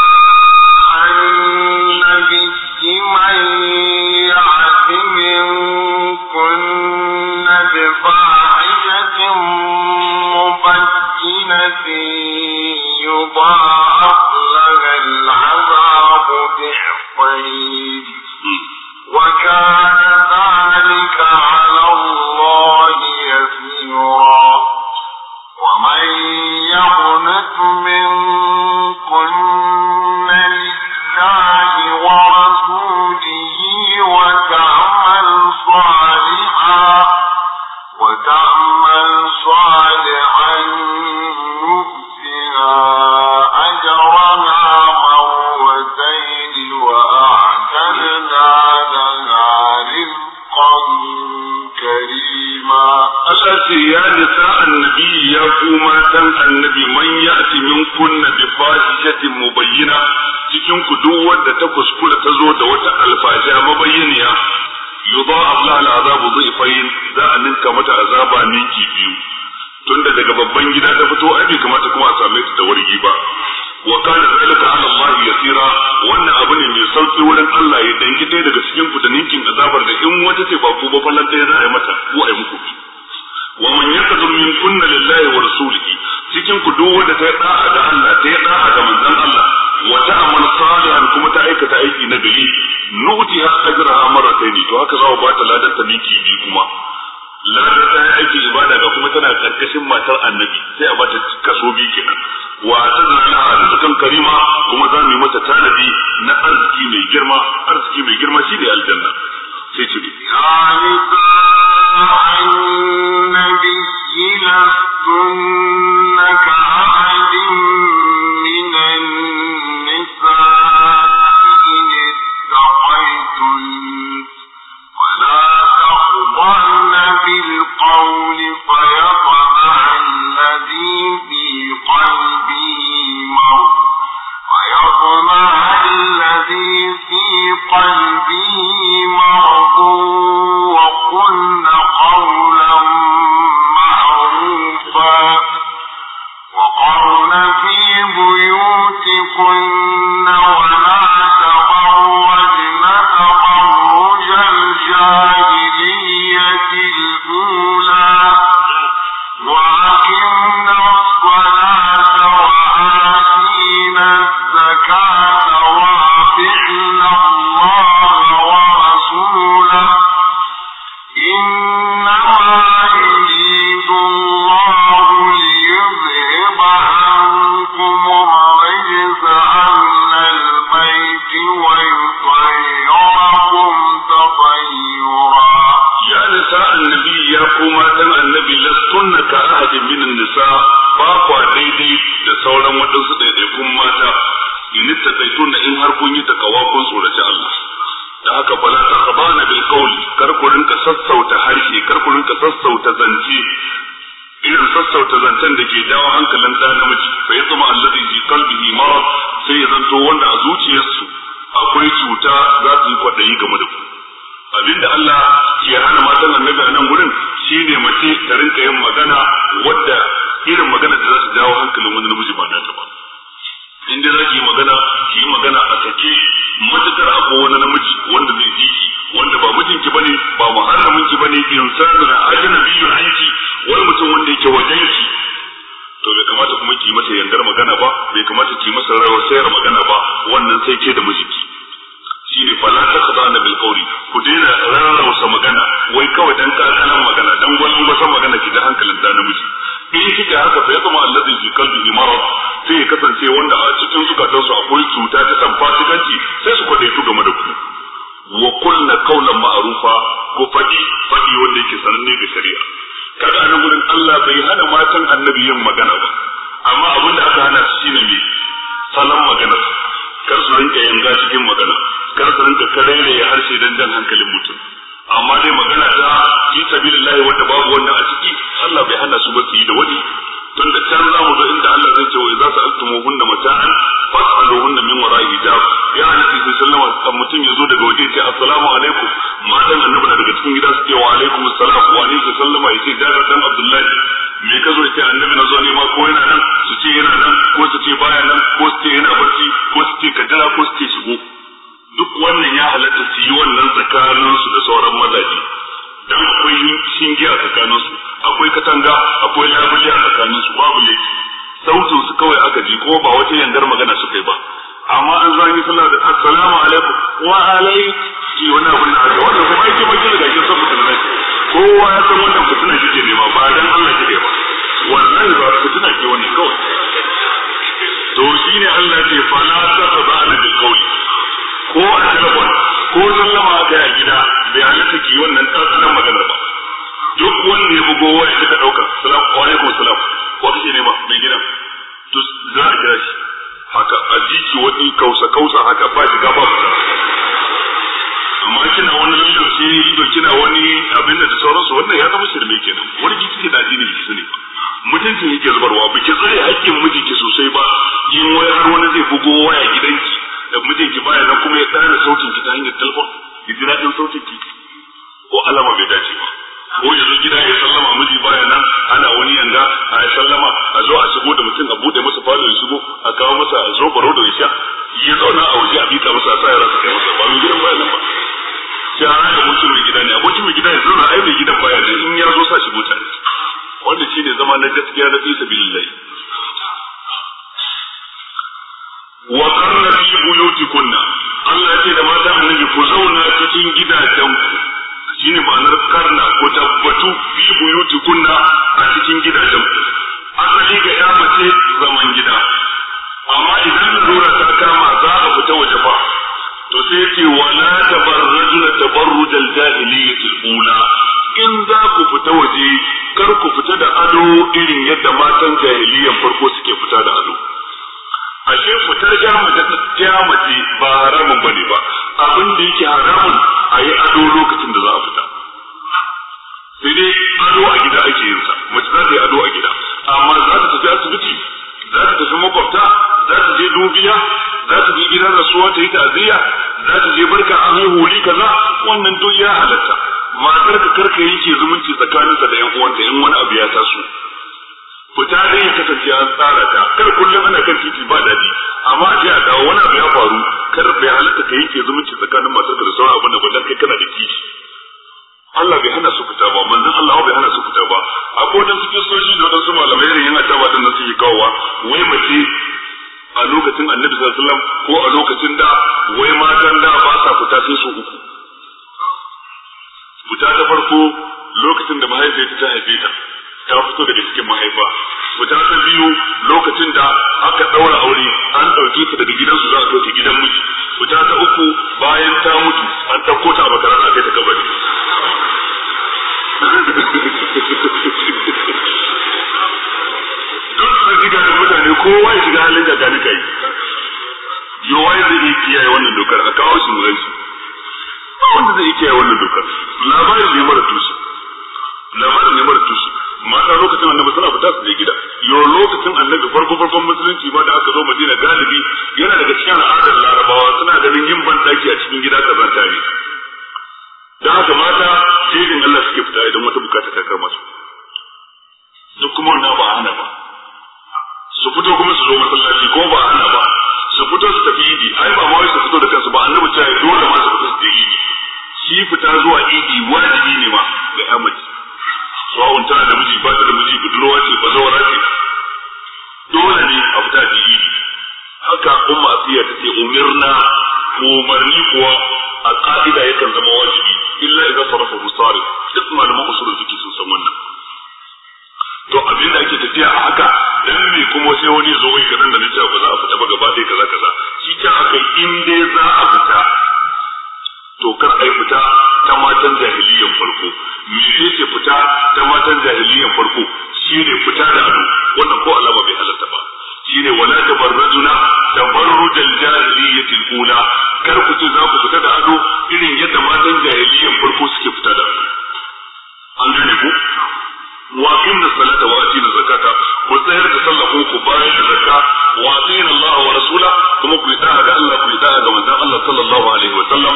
kowa ya san wannan fitina kike nema ba dan Allah kike ba wannan ba fitina ke wannan kawai to shine Allah ke fala taqbala da kawai. ko a telefon ko sallama ta a gida bai halatta ki wannan tsatsanan magana ba duk wanda ya bugo waya kika dauka salam alaikum salam ko kike nema mai gida to za a kira shi haka a jiki wani kausa kausa haka ba shi gaba ba amma kina wani lokaci to kina wani abin da sauransu wannan ya zama shirme kenan wani jiki ke da addini ki sani mutunci yake zubarwa ba ki tsare haƙƙin mijinki sosai ba yin wayar wani zai bugo waya gidanki da mijinki baya nan kuma ya tsara sautin ki ta hanyar telefon ki jira daɗin sautin ki ko alama bai dace ba ko yanzu gida ya sallama miji baya nan ana wani yanga a sallama a zo a shigo da mutum a bude masa falo ya shigo a kawo masa a zo baro da ya sha ya zauna a waje a bita masa sa yara su kai masa ba mai gidan baya nan ba sai a da mutum mai gida ne abokin mai gida ya zauna ai mai gidan baya ne in ya zo sa shi mota wanda shi ne zama na gaskiya na fi sabilillahi wa qarna fi buyutikunna Allah ya ce da mata annabi ku zauna cikin gidajen ku shine ma'anar karna ko tabbatu fi buyutikunna a cikin gidajen ku asali ga ya mace zaman gida amma idan lura ta kama za a fita waje ba to sai ce wala tabarrajna tabarrujal jahiliyyatil ula in za ku fita waje kar ku fita da ado irin yadda matan jahiliyyar farko suke fita da ado ashe fitar jama'a ta kyamace ba haramun bane ba abin da yake haramun a yi ado lokacin da za a fita sai dai ado a gida ake yin sa mace za ta yi ado a gida amma za ta tafi asibiti za ta tafi makwabta za ta je dubiya za ta je gidan rasuwa ta yi ta'aziyya za ta je barka an yi huli kaza wannan duk ya halatta matar ka karka ke zumunci tsakaninsa da yan uwanta in wani abu ya taso fita dai ya kasance an tsara ta kar kullum ana kan titi ba daɗi amma a a dawo wani abu ya faru kar bai halatta ka yake zumunci tsakanin matar ka da sauran abin da ba kai kana da titi Allah bai hana su fita ba manzon Allah bai hana su fita ba a akwai wadansu soji da wadansu malamai ne yana ta wadan su yi kawwa wai mace a lokacin annabi sallallahu alaihi wasallam ko a lokacin da wai matan da ba sa fita sai su uku fita ta farko lokacin da mahaifa ta haife ta ta fito daga cikin mahaifa fita ta biyu lokacin da aka daura aure an dauke ta daga gidansu za a kai ta gidan miji fita ta uku bayan ta mutu an dauko don su ziga da mutane kowa ya shiga halin da ni yi yawa ya zai kiyaye wannan dokar a kawo shi murai su ba wanda zai kiyaye wannan dokar labarin ne mara tushe labarin ne mara tushe mata lokacin annabi suna fita su je gida yau lokacin annabi farko farkon musulunci ma da aka zo madina galibi yana daga cikin al'adar larabawa suna ganin yin ban daki a cikin gida kazanta ne da haka mata jirgin Allah suke fita idan wata bukata ta kama su duk kuma wannan ba hana ba su fito kuma su zo masallaci ko ba hana ba su fito su tafi idi ai ba mawai su fito da kansu ba annabi ta dole ma su fito su je idi shi fita zuwa idi wajibi ne ma ga amince sawa'un tana da miji ba ta da miji budurwa ce ba zawara ce dole ne a fita da yi haka umma asiya ta ce umirna umarni kuwa a ka'ida yakan zama wajibi illa idza sarafa musarif duk malaman usulul fiqh sun san wannan to abin da ake tafiya a haka dan me kuma sai wani zo yi garin da ne ta ba za a fita ba gaba dai kaza kaza shi ta haka in dai za a fita to kar ai fita ta matan jahiliyan farko me ce fita ta matan jahiliyan farko shi ne fita da ado wannan ko alama bai halarta ba shine wala tabarrajuna tabarrujal jahiliyyatil ula kar ku ce za ku fita da ado irin yadda matan jahiliyyan farko suke fita da an gane ku wa inna salata wa atina zakata ku tsayar da sallah ku bayar da zakka wa atina Allah wa rasula kuma ku da'a ga Allah ku da'a ga manzon Allah sallallahu alaihi wa sallam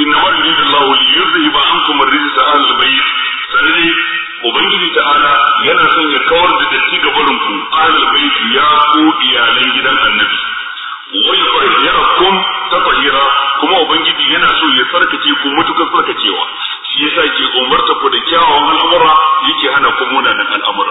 inna ma yuridu Allah li yuzhiba ankum ar-rijsa ahlal bayt sanani ubangiji ta'ala yana son ya kawar da datti ga barin ku ahlul baiti ya ku iyalan gidan annabi wa kun tafhira kuma ubangiji yana so ya sarkace ku mutukar sarkacewa shi yasa ke umarta ku da kyawawan al'amura yake hana ku munanan al'amura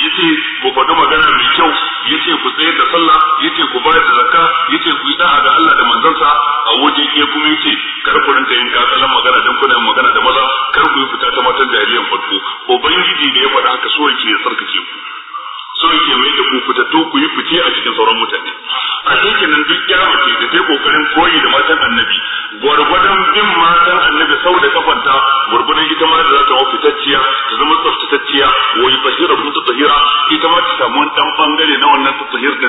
yace ku faɗi magana mai kyau yace ku tsayar da sallah yace ku bayar da zakka yace ku yi da'a ga Allah da manzansa a waje ke kuma yace kar ku rinka yin kakalan magana dan kuna magana da maza kar ku yi fita ta matan jahiliyan farko ubangiji ne ya faɗa haka so yake ya sarkake ku so yake mai da ku fitattu ku yi fice a cikin sauran mutane a cikin nan duk kyamace da ta kokarin koyi da matan annabi gwargwadon bin matan annabi sau da kafanta gwargwadon ita ma da za ta wafi tacciya ta zama tsaftatacciya wa yi mutu kun ta tahira ita ma ta samu wani dan bangare na wannan ta da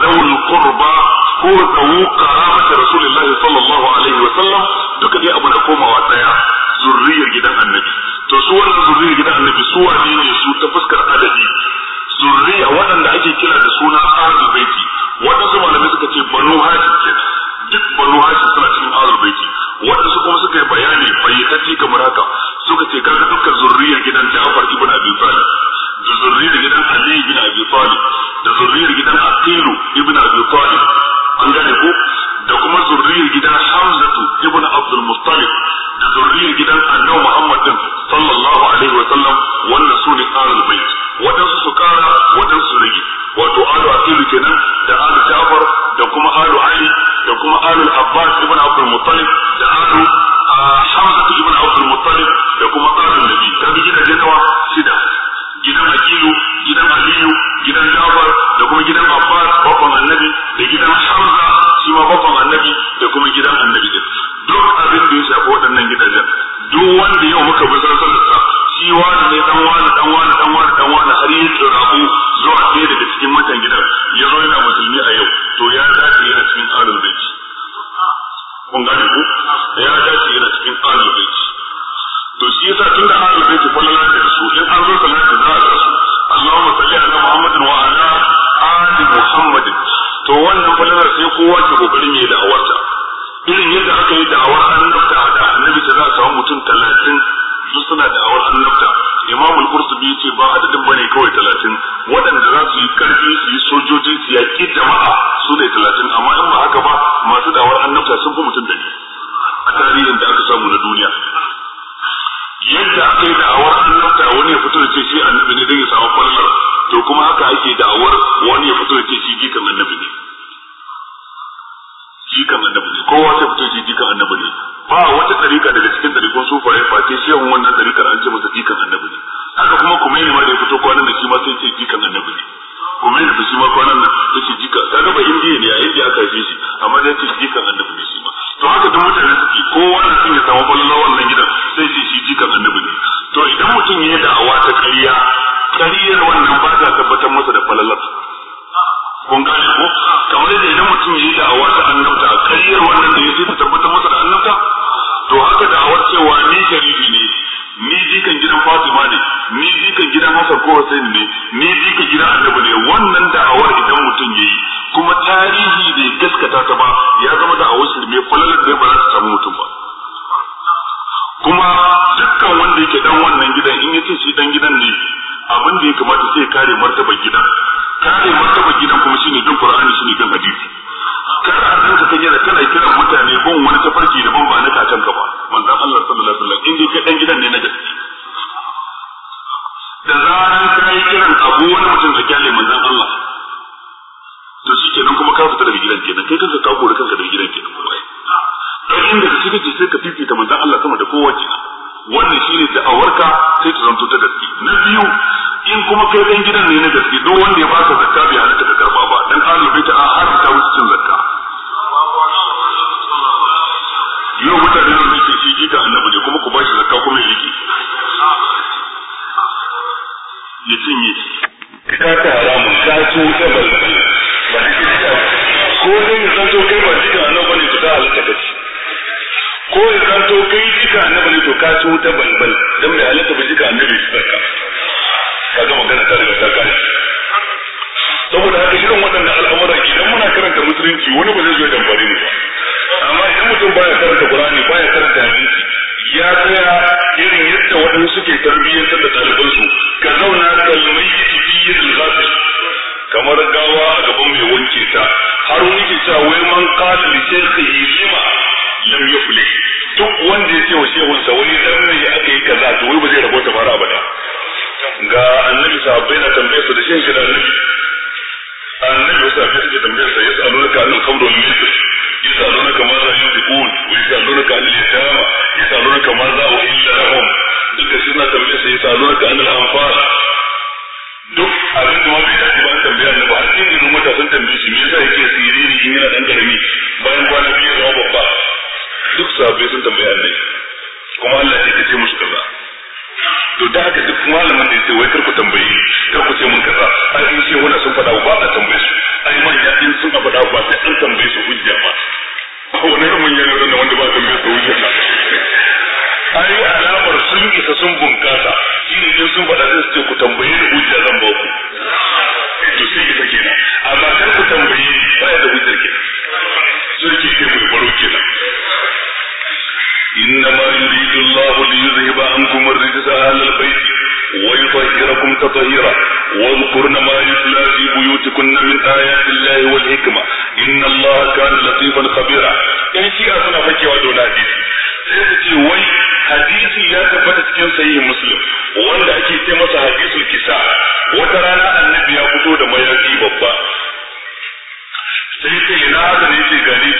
zawul qurba ko zawu karamata rasulullahi sallallahu alaihi wa sallam duka dai abu na komawa daya zurriyar gidan annabi to su wannan zurriyar gidan annabi su wane ne su ta fuskar adadi zurriya waɗanda ake kira da suna ahlul baiti waɗansu malamai suka ce banu hashim kenan duk banu hashim suna cikin ahlul baiti waɗansu kuma suka yi bayani fayyatacce kamar haka suka ce kaga dukkan zurriyar gidan Ja'far ibn Abi Talib zurriyar gidan Ali ibn Abi da zurriyar gidan Aqilu ibn Abi Talib an gane ko da kuma zurriyar gidan Hamzatu ibn Abdul Muttalib da zurriyar gidan Annabi Muhammad sallallahu alaihi wa sallam wannan sune ahlul bait wadansu su kara wadansu su rage wato alu Aqilu kenan da alu Ja'far da kuma alu Ali da kuma alu Abbas ibn Abdul Muttalib da alu ah, Hamzatu ibn Abdul Muttalib da kuma alu Nabi ta bi gidan akilu gidan aliyu gidan jafar da kuma gidan abbas babban annabi da gidan hamza shi ma babban annabi da kuma gidan annabi din duk abin da ya shafi waɗannan gidajen duk wanda yau muka bi sarsan da shi wani ne dan wani dan wani dan wani dan wani har yi rabu zuwa ɗaya daga cikin matan gidan ya zo yana musulmi a yau to ya dace yana cikin alul baiti kun gane ku ya dace yana cikin alul baiti to shi yasa tun da alul baiti kwallon da su in an zo salati to wannan falalar sai kowa ke kokarin da da'awarta irin yadda aka yi da'awar annabta da annabi ta za a samu mutum talatin su suna da'awar annabta imamu al-qurtubi ce ba adadin bane kawai talatin waɗanda za su yi karfi su yi sojoji su yaƙi jama'a su ne talatin amma in ba haka ba masu da'awar annabta sun fi mutum ni. a tarihin da aka samu na duniya yadda aka yi da'awar annabta wani ya fito da ce shi annabi ne don ya samu falalar to kuma haka ake da'awar wani ya fito da ce shi gikan annabi ne jikan annabi ne kowa sai fito shi jikan annabi ne ba wata tarika daga cikin tarikon sufaye face yawan wannan tarikar an ce masa jikan annabi ne haka kuma kuma ma da ya fito kwanan da shi ma sai ce jikan annabi ne kuma da shi ma kwanan ya ce jikan ta gaba indiya ne a indiya aka haife shi amma dai ce jikan annabi ne shi ma to haka duk mutane ke kowa da sun ya samu ballo wannan gidan sai ce shi jikan annabi ne to idan mutum ya yi da'awa ta ƙarya ƙaryar wannan ba ta tabbatar masa da falalar kun gane ko kamar da idan mutum yayi da'awa ta annabta kariyar wannan da yaji ta tabbatar masa da annabta to haka da'awar cewa ni sharifi ne ni jikan gidan Fatima ne ni jikan gidan masar ko Hussein ne ni jikan gidan Annabi ne wannan da'awar idan mutum yayi kuma tarihi bai gaskata ta ba ya zama da'awar mai falalar da ba za ta samu mutum ba kuma dukkan wanda yake dan wannan gidan in yake shi dan gidan ne abin da ya kamata sai ya kare martabar gidan ka ce martaba gidan kuma shine jin qur'ani shine jin hadisi kar a ranka ta gida kana kiran mutane gun wani tafarki ban ba na kakan ka ba manzon Allah sallallahu alaihi wasallam in dai dan gidan ne na gaske da zaran kai yi kiran abu wani mutum da kyalle manzon Allah to shi kenan kuma ka fita daga gidan kenan kai kanka ka kore kanka daga gidan kenan kuma ai dan inda shi kake sai ka fifita manzon Allah sama da kowace wannan shine da awarka sai ta zanto ta gaske na biyu in kuma kai dan gidan ne na gaske duk wanda ya baka zakka bai halaka da karba ba dan bai ta, a haramta wuce cin zakka yau mutane da suke shi jika annabi ne kuma ku bashi zakka kuma ya yi ya cinye ka ta haramun ka so ta ka ba ko dai ya san so kai ba jika annabi ne ku da halaka da shi ko ya san so kai jika annabi ne to ka so ta balbal dan mai halaka ba jika annabi ne zakka kaga magana ta daga ta kare saboda haka irin waɗannan al'amura idan muna karanta musulunci wani ba zai zo dambare mu ba amma idan mutum baya karanta qur'ani baya karanta hadisi ya tsaya irin yadda waɗansu suke tarbiyyantar da su ka zauna kalmai fi yadda zafi kamar gawa a gaban mai wanke ta har wani ke cewa wai man qala li shaykhihi lima lam yuflih duk wanda ya ce wa shehunsa wani dan ne aka yi kaza to wai ba zai rabota fara abada ga annabi sahabbai na tambaye su da shin shi da annabi annabi wasu abin suke tambaye sa yasa aluna ka annan kamar wani mutum yasa aluna ka maza yin dukun yasa aluna ka annan yatama yasa aluna ka maza wa illa rahum duka suna tambaye sa ya tsaro ka annan anfar duk abin da mafi dace ba tambaya na ba sai gidan mata sun tambaye shi me yasa yake ne in yana dan karami bayan kwana biyu zama babba duk sahabbai sun tambaya ne kuma Allah ya ce musu kaza to da haka duk malamin da ya ce wai kar ku tambaye kar ku ce mun kaza a in ce wanda sun faɗa ba a tambaye su ai yi ya in sun faɗa ba sai an tambaye su hujja ba wani mun yi lura da wanda ba a tambaye su hujja ba ai alamar sun isa sun bunkasa shine in sun faɗa sai su ce ku tambaye da hujja zan ba ku to sai isa kenan amma kar ku tambaye ba ya da hujjar kenan sun ke ce mai baro kenan إنما يريد الله ليذهب عنكم الرجس أهل البيت ويطهركم تطهيرا واذكرن ما يتلى في بيوتكن من آيات الله والحكمة إن الله كان لطيفا خبيرا يعني شيء أصنع فكي ودون حديث سيدتي وي حديث لا تفتت كن سيه مسلم wanda ake ce masa hadisul kisa wata rana annabi ya fito da mayafi babba sai ce ina haka ne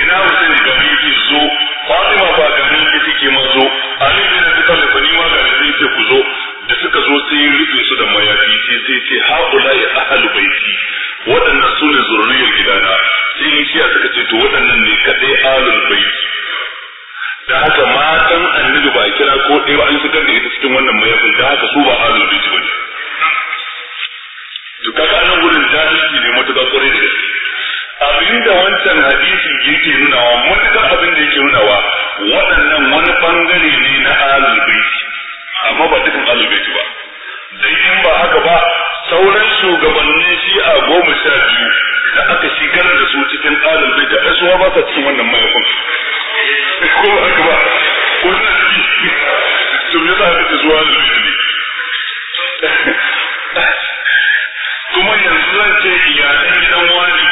ina Hussein garin ki zo Fatima ba garin ki take mun zo Ali bin Abi Talib ba ni ma garin ki ce ku zo da suka zo sai rufe su da mayafi sai sai ce haula ya ahlu baiti waɗannan su ne zurriyar gidana sai ni shi suka ce to waɗannan ne kadai ahlul baiti da haka matan annabi ba kira ko ɗaya ba an shigar da ita cikin wannan mayafin da haka su ba ahlul baiti bane to kaga anan gurin da ne matuƙa ƙwarai da gaske abin da wancan hadisin yake nunawa mutukar abin da yake nunawa waɗannan wani bangare ne na alubaiti amma ba dukkan alubaiti ba dai in ba haka ba sauran shi a goma sha biyu da aka shigar da su cikin alubaiti a suwa ba sa cikin wannan mayakon ko haka ba ko na ciki to me yasa haka zuwa alubaiti ne kuma yanzu zan ce iyalan gidan wani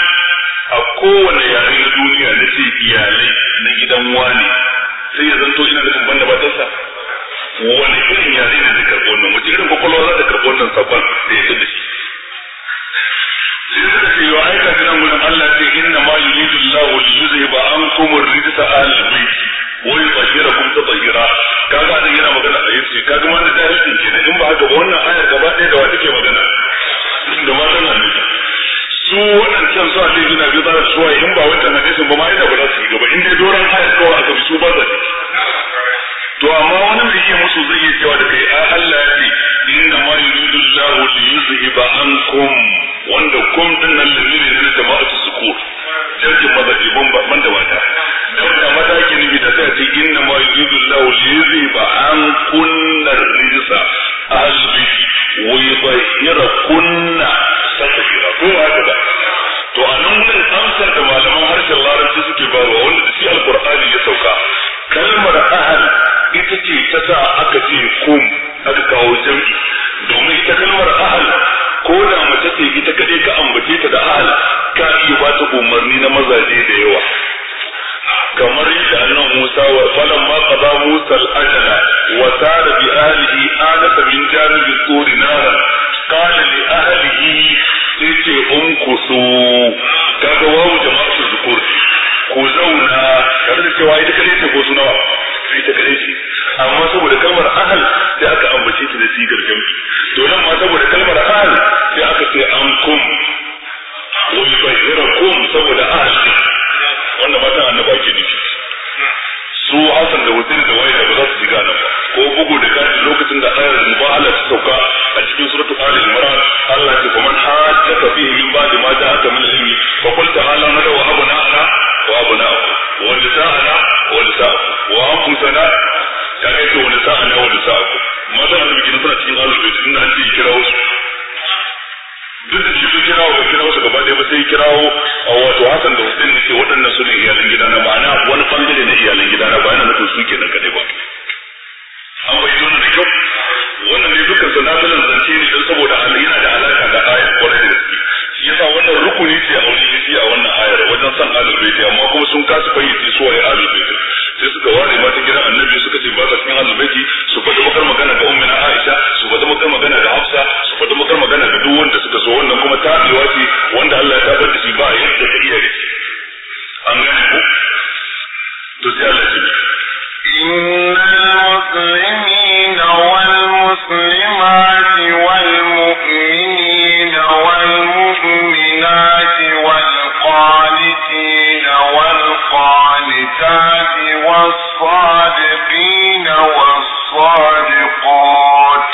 a kowane yare na duniya na ce iyalai na gidan wani sai ya zanto ina da banda batarsa wani irin yare ne zai karɓi nan wace irin kwakwalwa za ta karɓi nan sabon da ya da shi sai zai ce yau ai ka nan gurin Allah ce inna ma yuridu ba an yuzhiba ankum ar-rijsa wani tsakira kuma ta tsakira kaga da yana magana a yace ka gama da ke kenan in ba haka wannan ayar gaba ɗaya da wa take magana da tana annabi su waɗancan su a ce suna biyu za su suwaye in ba wancan hadisin ba ma yadda ba za su yi gaba in dai doron hayar kawai aka bi su ba za to amma wani mai yi musu zai yi cewa da kai a Allah ya ce inna ma yuridu Allahu li yuzhiba ankum wanda kum din nan da ne na jama'atu sukur sarkin mazaji ban ban da mata dan da mata ke nufi da sai ce inna ma yuridu Allahu li yuzhiba ankum ar-rijsa ahlul bayt wa yuzhira kunna to a nan gudun amsar da malaman harshen larabci suke bawa wanda da shi alkur'ani ya sauka kalmar ahal ita ce ta sa aka ce kum aka kawo jam'i domin ita kalmar ahal ko da mace ce ita kaɗai ka ambace ta da ahal ka iya ba ta umarni na mazaje da yawa kamar yadda annan Musa wa falan ma qada Musa al-ajala wa sara bi ahlihi anasa min janibi turi naran qala li ahlihi sai ce un su kaga wawu jama'atu zukur ku zauna tare da cewa ita kadai ce ko suna nawa ita kadai ce amma saboda kalmar ahal sai aka ambace ta da sigar jam'i to nan ma saboda kalmar ahal sai aka ce an kum wa kum saboda ahal wannan matan annaba ke nufi su Hassan da Hussein da waye da ba za su shiga nan ba ko bugu da kai lokacin da ayar mubahala ta sauka a cikin suratul Ali Imran Allah ya ce kuma ka fihi min da ma da aka min ilmi fa qul ta'ala nadu wa ana wa abuna wa nisa'ana wa nisa'akum wa ya kaga to nisa'ana wa nisa'akum maza da bikin suna cikin alubai sun da ake kira wasu duk da shi sun kira wa kira wasu gaba ɗaya ba sai kirawo a wato hakan da hussein ne ce waɗannan su ne iyalan gidana ma'ana wani bangare na iyalan gidana ba na nufin su kenan kaɗai ba an bai zo da kyau wannan ne dukkan su nafilan zance ne don saboda hali yana da alaƙa da ayar kwarai da gaske shi yasa wannan rukuni ce a wani a wannan ayar wajen san alul amma kuma sun kasa fayyace su waye alul sai suka ware matan gidan annabi suka ce ba ta cikin azubaiti su faɗi bakar magana ga ummina aisha su faɗi bakar magana ga hafsa su faɗi bakar magana ga duk wanda suka so wannan kuma tabewa ce wanda Allah ya tabbata shi ba yadda iya rike an gane to sai Allah ya ce muslimina والصادقين والصادقات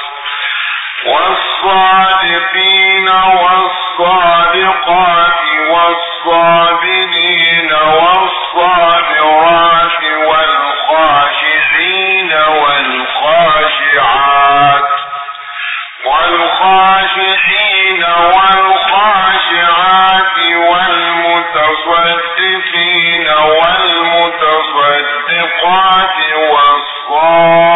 والصادقين والصادقات والصالحات والصالحات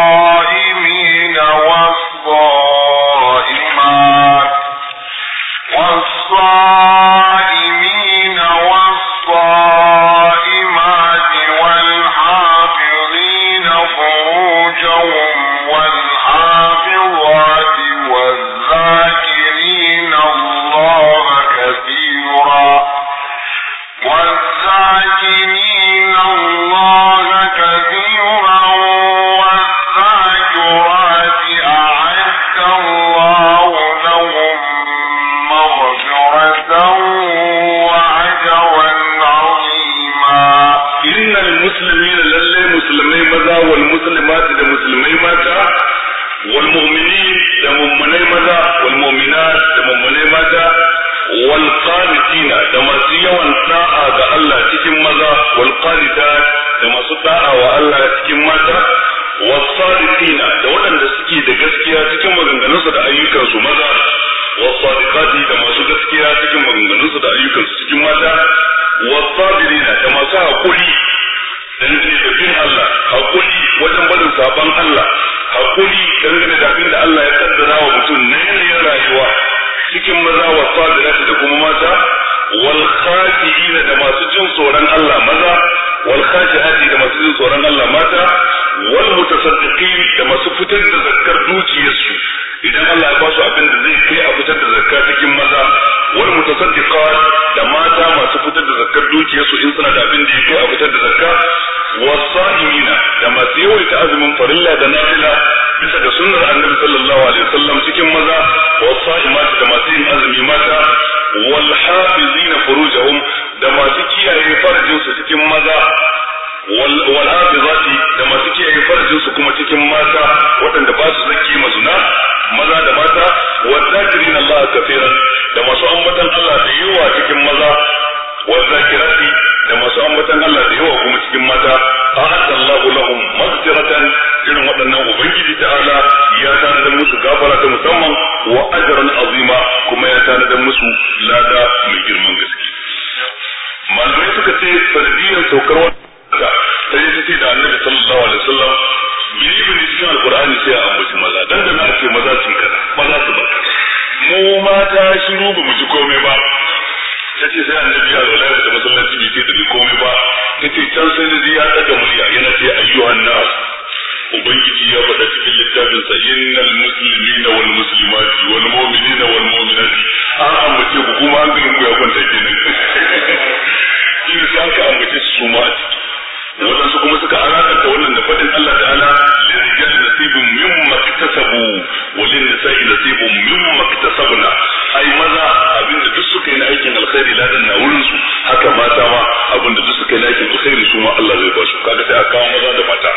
nasibun mimma iktasabna ai maza abinda duk suka yi na aikin alkhairi ladan na wurin su haka mata ma abinda duk suka yi na aikin alkhairi su ma Allah zai ba su kaga sai aka maza da mata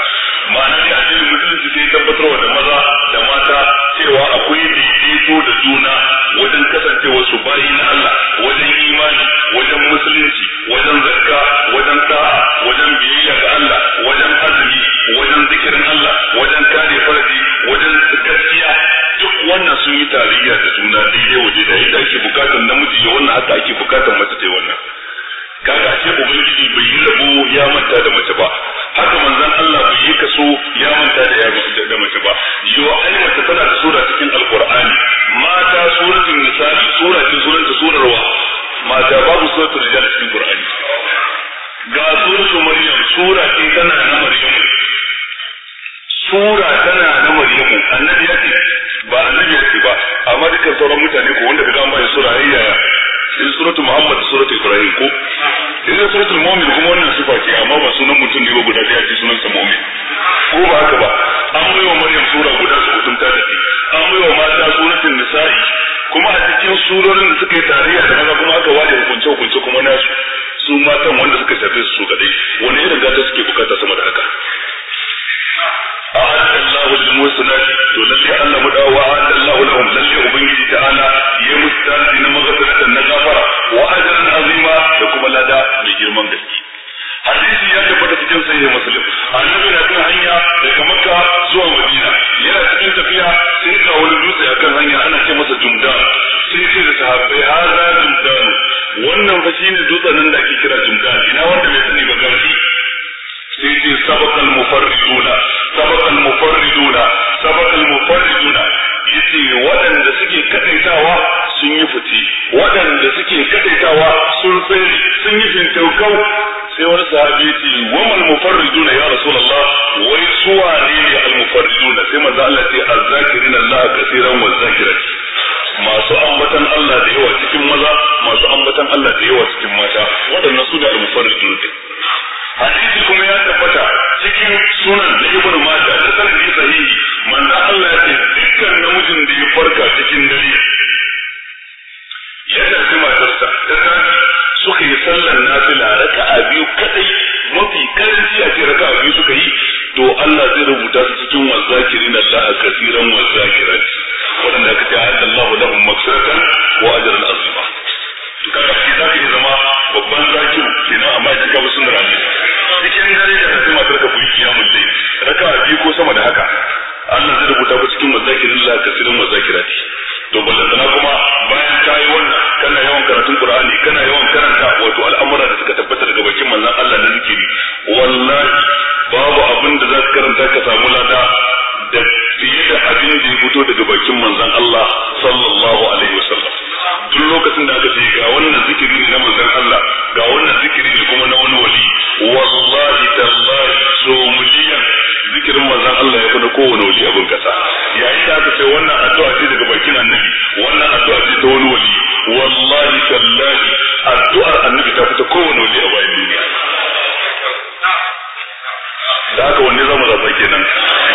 ma'ana dai addinin musulunci sai tabbatarwa da maza da mata cewa akwai daidaito da juna wajen kasancewa su bayi na Allah wajen imani wajen musulunci wajen zakka wajen ta'a wajen biyayya ga Allah wajen azumi wajen zikirin wannan sun yi tarayya da juna daidai waje da yadda ake bukatar namiji ya wannan haka ake bukatar mace ta yi wannan kaga ce ubangiji bai yi rabo ya manta da mace ba haka manzon Allah bai yi kaso ya manta da ya da mace ba yo ai mace tana da sura cikin alqur'ani mata suratul nisa sura ce suratul surar wa mata babu suratul rijal cikin qur'ani ga suratul maryam sura ce tana na maryam sura tana na maryamu annabi yake ba annabi yake ba amma dukkan sauran mutane ko wanda kaga an bayan sura ayya in suratu muhammad suratu ibrahim ko in suratu mu'min kuma wannan sifa ce amma ba sunan mutum ne ba guda ɗaya ce sunan sa mu'min ko ba haka ba an yi wa maryam sura guda su mutum ta dace an yi wa mata suratu nisa'i kuma a cikin surorin da suka yi tarayya da maza kuma aka ware hukunce hukunce kuma nasu su matan wanda suka shafe su su kadai wani irin gata suke bukata sama da haka a'adda Allah lil muhsinat to lalle Allah mu dawo a'adda Allah lahum lalle ubangiji ta'ala ya mustanti na magafiratan na gafara wa ajran azima da kuma lada da girman gaske hadisi ya tabbata cikin sahih muslim annabi na kan hanya daga makka zuwa madina yana cikin tafiya sai ga wani dutse akan hanya ana ce masa jumdan sai ce da sahabbai hada jumdan wannan fa shine dutsen da ake kira jumdan ina wanda bai sani ba gamshi sai ce sabakal mufarriduna sabakal mufarriduna sabakal mufarriduna yace waɗanda suke kadaitawa sun yi fiti waɗanda suke kadaitawa sun tsere sun yi fintaukau sai wani sahabi yace wamal mufarriduna ya rasulullah wai suwa ne al mufarriduna sai manzo Allah ce azzakirina Allah kaseeran wa zakirati masu ambatan Allah da yawa cikin maza masu ambatan Allah da yawa cikin mata waɗannan su da al mufarriduna hadisi kuma ya tabbata cikin sunan da ibnu mata da sanadi sahihi manzo Allah ya ce dukkan namijin da ya farka cikin dare Yana tafi matarsa ta tafi suka yi sallar nafila raka'a biyu kadai mafi karanci a ce raka'a biyu suka yi to Allah zai rubuta su cikin wazakirin Allah kasiran wazakirat wadanda aka ce Allah lahum maksaratan wa ajran azima to kaga zaka zama babban zaki nan amma ita ka bi sunnar cikin dare da sai matar ka kuyi ya zai raka biyu ko sama da haka Allah zai rubuta ku cikin mazakirin Allah kasirin mazakirati to ballantana kuma bayan ta yi wannan kana yawan karatun Qur'ani kana yawan karanta wato al'amura da suka tabbata daga bakin manzon Allah na zikiri wallahi babu abin da za karanta ka samu lada da fiye da abin da ya fito daga bakin manzon Allah sallallahu alaihi wasallam tun lokacin da aka ce ga wannan zikiri ne na manzon Allah ga wannan zikiri ne kuma na wani wali wallahi tallahi so mujiyan zikirin manzon Allah ya kuma kowane wali abin kasa yayin da aka ce wannan addu'a ce daga bakin annabi wannan addu'a ce ta wani wali wallahi tallahi addu'ar annabi ta fita kowane wali a bayan duniya da aka wanne zamu zaba kenan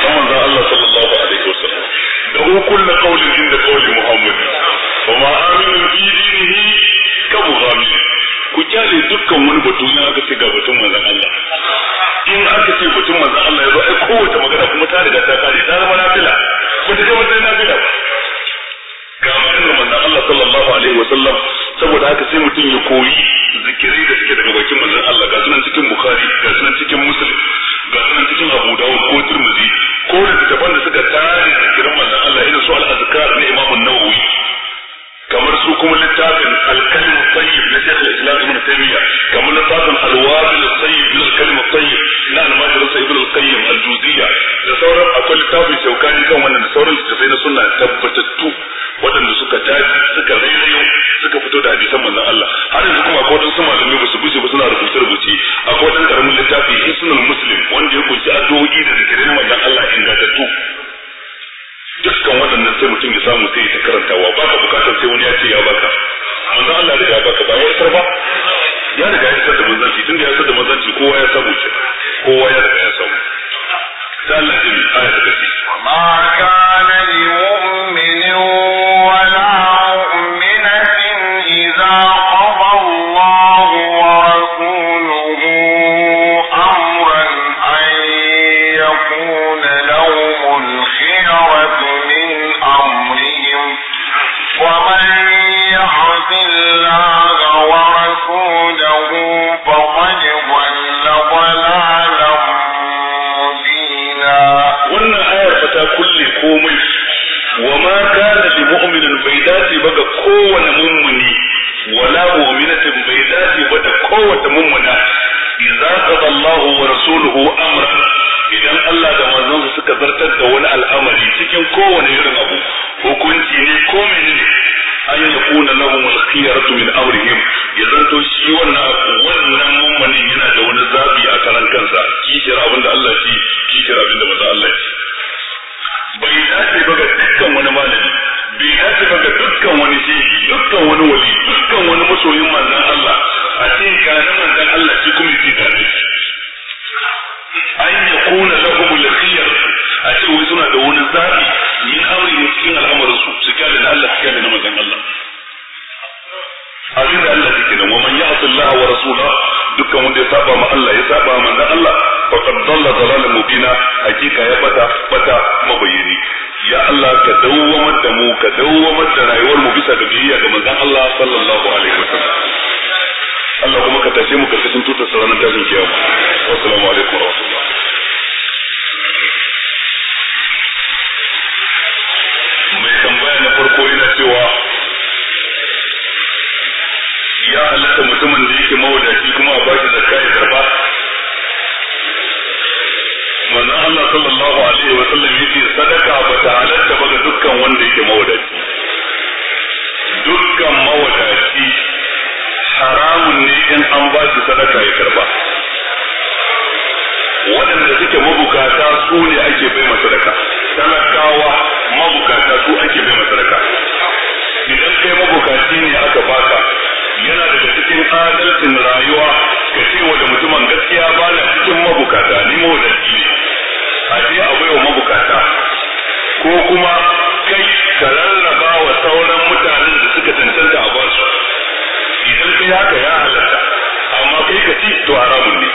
ta manzon Allah sallallahu alaihi wasallam da kullu qawlin inda qawli Muhammad ma aminin fi dinihi ka muhammi ku kyale dukkan wani batu na aka ce ga batun Allah in aka ce batun manzon Allah ya zo ai kowace magana kuma ta riga ta kare ta zama nafila ba ta zama sai nafila ga maganar Allah sallallahu alaihi wa sallam saboda haka sai mutum ya koyi zikirai da suke daga bakin manzon Allah ga sunan cikin Bukhari ga sunan cikin Muslim ga sunan cikin Abu Dawud ko Tirmidhi ko da da suka tare zikirin manzon Allah irin su al-azkar na Imam An-Nawawi su kuma littafin al-kalim na Sheikh al-Islam Ibn taimiyya, kamar littafin al-wabil tayyib na kalim tayyib na al-majid sayyid al-qayyim al-juziyya da sauran akwai littafin shaukani kan wannan da sauran littafai na sunna tabbatattu waɗanda suka tafi suka rairayo suka fito da hadisan manzon Allah har yanzu kuma akwai wadansu malamai ba su guje ba suna rubuce rubuce akwai dan karamin littafi hisnul muslim wanda ya kunshi addu'o'i da zikirin manzon Allah ingantattu dukkan waɗannan sai mutum ya samu sai ta karantawa ba ka bukatar sai wani ya ce ya baka amma Allah da ya baka ba ya isar ba ya riga ya isar da manzanci tunda ya sar da manzanci kowa ya samu ce kowa ya riga ya samu ta Allah ya yi ayata da shi ma kana li wa bai dace ba ga kowane mummuni wala mu'minatin bai dace ba da kowace mummuna idza qada Allahu wa rasuluhu amran idan Allah da manzonsa suka zartar da wani al'amari cikin kowane irin abu hukunci ne ko menene an yakuna lahum al-khiyaratu min amrihim ya zanto shi wannan abu wannan mummunin yana da wani zabi a karan kansa kishir abin da Allah ce kishir abin da manzo Allah ce bai dace ba ga dukkan wani malami bai dace ba ga dukkan wani shehi dukkan wani wali dukkan wani masoyin manzon Allah a cikin ga manzon Allah shi kuma shi da shi an ya kuna lahum al a ce wai suna da wani zaɓi min amri ne cikin al'amarin su su kyale na Allah su kyale na manzon Allah abin da Allah yake nan wa man ya'ti Allah wa rasulahu dukkan wanda ya saba ma Allah ya saba ma manzon Allah faqad dalla dalalan mubina hakika ya bata bata mabayini ya Allah ka dawwamar da mu ka dawwamar da rayuwar mu bisa ga biyayya ga manzon Allah sallallahu alaihi wasallam Allah kuma ka tashe mu ka cikin tutar sauran tashin kiyama assalamu alaikum wa rahmatullah mai tambaya na farko yana cewa ya halatta mutumin da yake mawadaci kuma a bashi zakka ya karba manzon Allah sallallahu alaihi wasallam sadaka ba ta halatta ba ga dukkan wanda yake mawadaci dukkan mawadaci haramun ne in an ba shi sadaka ya karba waɗanda suke mabukata su ne ake bai sadaka talakawa mabukata su ake bai sadaka idan kai mabukaci ne aka baka yana daga cikin adalcin rayuwa ka ce wa da mutumin gaskiya ba na cikin mabukata ni mawadaci ne a je a baiwa mabukata ko kuma kai ka rarraba wa sauran mutanen da suka cancanta a ba su idan kai haka ya halatta amma kai ka ci to haramun ne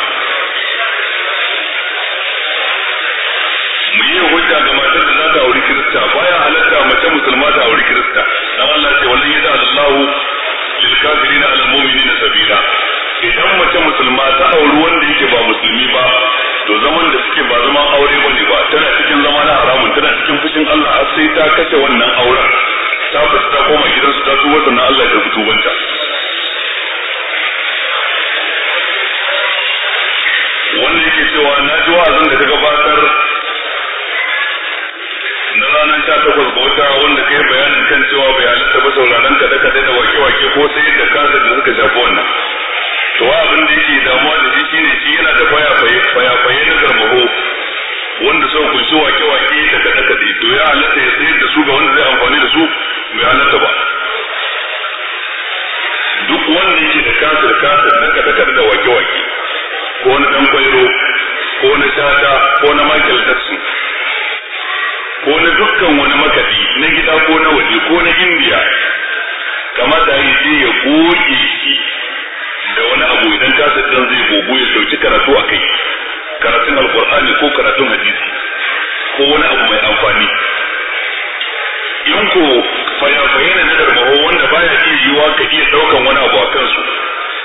mu yi hujja ga matar da za ta auri kirista baya halatta mace musulma ta auri kirista dan Allah ce wallahi da Allahu lil kafirin al mu'minin sabila idan mace musulma ta auri wanda yake ba musulmi ba to zaman da suke ba zama aure bane ba tana cikin zama na haramun tana cikin fushin Allah har sai ta kashe wannan auren ta fita ta koma gidansu ta tuba sannan Allah ya fito banta wannan yake cewa na ji wa'azin da ta gabatar na ranar ta takwas ga wata wanda kai bayanin kan cewa bai halatta ba sauraron kaɗe-kaɗe da wake-wake ko sai da kasar da suka shafi wannan to abin da yake damuwa da shi shine shi yana da fayafaye fayafaye na garmaho wanda sau kunshi wake-wake da kada kada to ya halatta ya sayar da su ga wanda zai amfani da su mai halatta ba duk wanda yake da kasar kasar na kada kada da wake-wake ko na Dan kwairo ko na shata ko na michael jackson ko na dukkan wani makaɗi na gida ko na waje ko na indiya kamata ya je ya goge shi da wani abu idan kaset din zai gogo ya sauki karatu a kai karatun alkur'ani ko karatun hadisi ko wani abu mai amfani yanko ko ne na darmaho wanda baya iya yiwa ka iya daukan wani abu a kansu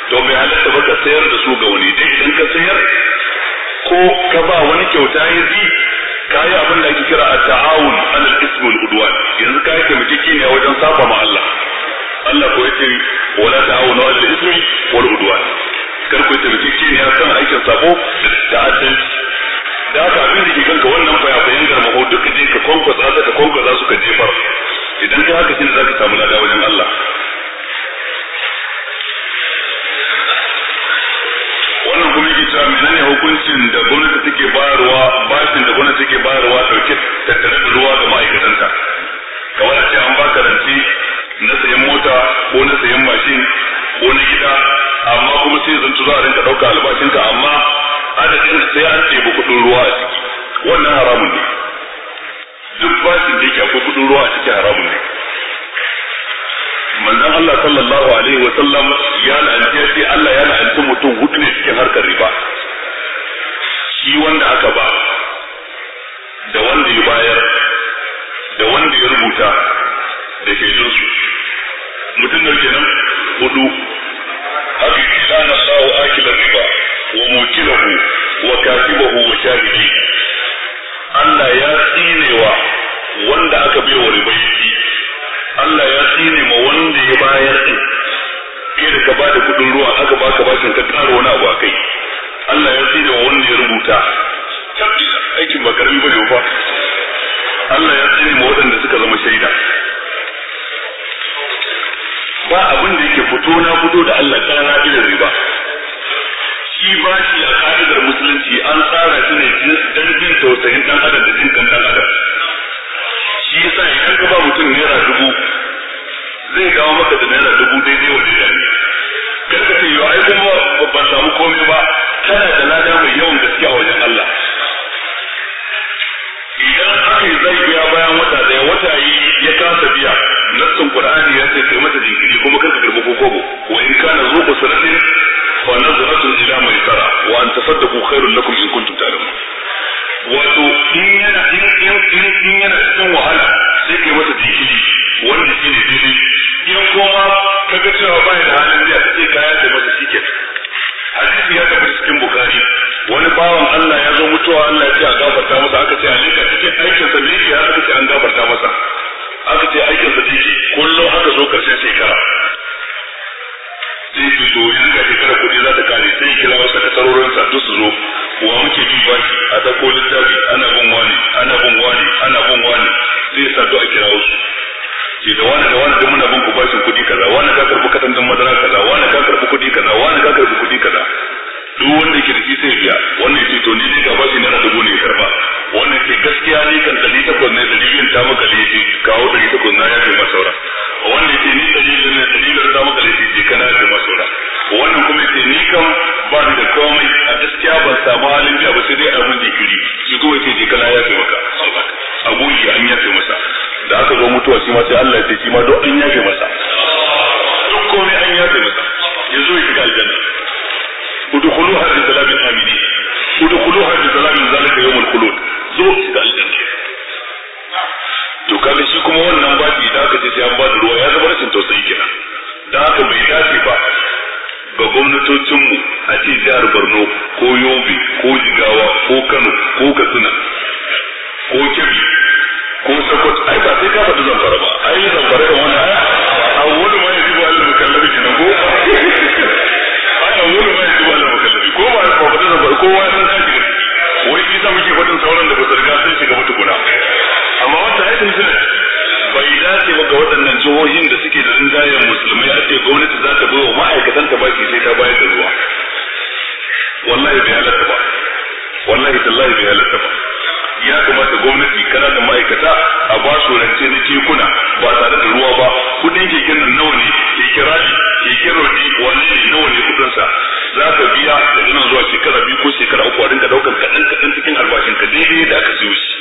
to mai halatta ba sayar da su ga wani dai idan ka sayar ko ka ba wani kyauta ya ji ka yi abin da ake kira a ta'awun alal ismul udwan yanzu ka yi taimakekeniya wajen saba ma Allah Allah ko yake wala ta'awunu al ismi wal udwan kar ku tabbaki shi ne san aikin sabo da ta'addanci da aka abin da ke kanka wannan baya bayan garmaho duka je ka za ka za ka je far idan ka haka kin za ka samu lada wajen Allah wannan kuma yake cewa menene hukuncin da gwamnati take bayarwa bashin da gwamnati take bayarwa dauke tattare da ruwa ga ma'aikatanta kamar a ce an ka rance na sayan mota ko na sayan mashin ko na gida amma kuma sai zan tura a rinka ɗauka albashinka amma adadin sai an ɗebi kuɗin ruwa a ciki wannan haramun ne duk bashin da yake akwai kuɗin ruwa a ciki haramun ne manzon Allah sallallahu alaihi wa sallam ya la'anci sai Allah ya la'anci mutum hudu ne cikin harkar riba shi wanda aka ba da wanda ya bayar da wanda ya rubuta da ke jin su mutum da kenan hudu abi kana sawu akila riba wa mutilahu wa katibahu wa shahidi Allah ya tsinewa wanda aka bai wa riba yi Allah ya tsine ma wanda ya bayar din ke da ka bada kudin ruwa aka baka bakin ka karo wani abu akai Allah ya tsine wanda ya rubuta aikin ba karami bane ba Allah ya tsine ma waɗanda suka zama shaida ba abin da yake fito na fito da Allah na irin riba shi ba shi a ka'idar musulunci an tsara shi ne don jin tausayin dan adam da jin dan adam shi yasa idan ka ba mutum naira dubu zai dawo maka da naira dubu daidai wa daidai ne kar ka ce yau ai kuma ban samu komai ba kana da lada mai yawan gaskiya wajen Allah idan aka zai biya bayan wata ɗaya, wata yi ya kasa biya nassin qur'ani ya ce kai mata jinkiri kuma kar ka karbi kokobo wa in kana zu usratin fa nazratun ila maisara wa an tasaddaqu khairul lakum in kuntum ta'lamun wato in yana in in in yana cikin wahala sai kai mata jinkiri wanda shi ne daidai in kuma ka ga cewa bai da halin biya sai kaya sai mata tiket hadisi ya tabbata cikin bukhari wani bawan Allah ya zo mutuwa Allah ya ce a gafarta masa aka ce a leka cikin aikin sa ne ya aka ce an gafarta masa aka ce aikin sa dake kullum aka zo karshen shekara sai su zo yanzu da shekara kuɗi za ta kare sai kira wasu sa duk su zo wa muke bi shi a dako littafi ana bin wani ana bin wani ana bin wani sai ya sadu a kira wasu ke da wani da wani da muna bin ku bashin kudi kaza wani ka karbi katangan madara kaza wani ka karbi kudi kaza wani ka karbi kudi kaza duk wanda yake da shi sai biya wannan ce to ni ne ga bashi naira dubu ne karba wannan ce gaskiya ne kan dari takwas ne dari ta maka laifi kawo dari takwas na yafe ma saura wannan ke ni dari biyun ne dari ta maka laifi je kana yafe ma wannan kuma ke ni kan ba ni da komai a gaskiya ban samu halin biya ba sai dai a mun jikiri shi kuma ce je kana yafe maka a goyi an yafe masa da aka zo mutuwa shi ma sai Allah ya ce shi ma duk an yafe masa duk komai an yafe masa yanzu ya shiga aljanna udkhuluha bi salamin aminin udkhuluha bi salamin zalika yawmul khulud zo ki da aljanna to kaga shi kuma wannan babi da aka ce sai an ba da ruwa ya zama rashin tausayi kenan da aka bai dace ba ga gwamnatocinmu a ce jihar Borno ko Yobe ko Jigawa ko Kano ko Katsina ko Kebbi ko Sokot ai ba sai ka faɗi zamfara ba ai zamfara da wannan ai a wani ma ya zuba al-mukallabi kenan ko ai a wani ma kowa ya san ta shiga wai shi sa muke faɗin sauran da ba su riga sun shiga mutukuna amma wata haifin suna bai dace ba ga waɗannan jihohin da suke da rinjayen musulmai a ce gwamnati za ta bai wa ma'aikatan ta baki sai ta bayar da ruwa wallahi bai halatta ba wallahi tallahi bai halatta ba ya kamata gwamnati kana da ma'aikata a ba su rance na tekuna ba tare da ruwa ba kudin keken nan nawa ne kira rashi keke rodi wani ne nawa ne kudin sa za ka biya da nan zuwa shekara biyu ko shekara uku a rinka daukar kaɗan kaɗan cikin albashin ka daidai da aka siyo shi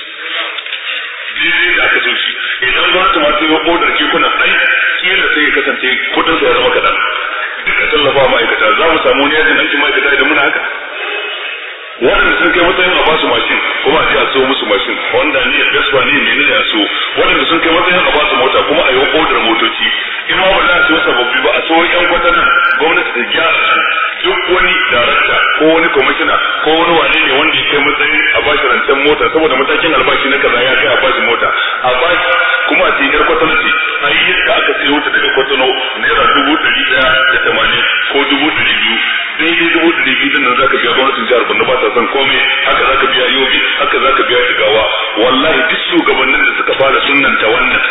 daidai da aka siyo shi idan gwamnati ma ta yi odar kekunan ai kila sai ya kasance kudin sa ya zama kaɗan duka tallafa ma'aikata za mu samu wani yajin aikin ma'aikata idan muna haka wannan sun kai matsayin a basu mashin kuma a ce a so musu mashin wanda ni ya ni ne ne a so waɗanda sun kai matsayin a basu mota kuma a yi odar motoci in ma ba za a so sababbi ba a so yan kwatanan gwamnati da gyara su duk wani darakta ko wani kwamishina ko wani wane ne wanda ya kai matsayin a bashi rancen mota saboda matakin albashi na kaza ya kai a bashi mota a bashi kuma a cikin kwatanci a yi yadda aka sayo ta daga kwatano naira dubu ɗari ɗaya da tamanin ko dubu ɗari biyu dai dubu ɗari biyu din nan zaka biya gwamnatin jihar Borno ba ta son komai haka zaka biya Yobe haka zaka biya Jigawa wallahi duk shugabannin da suka fara sunanta wannan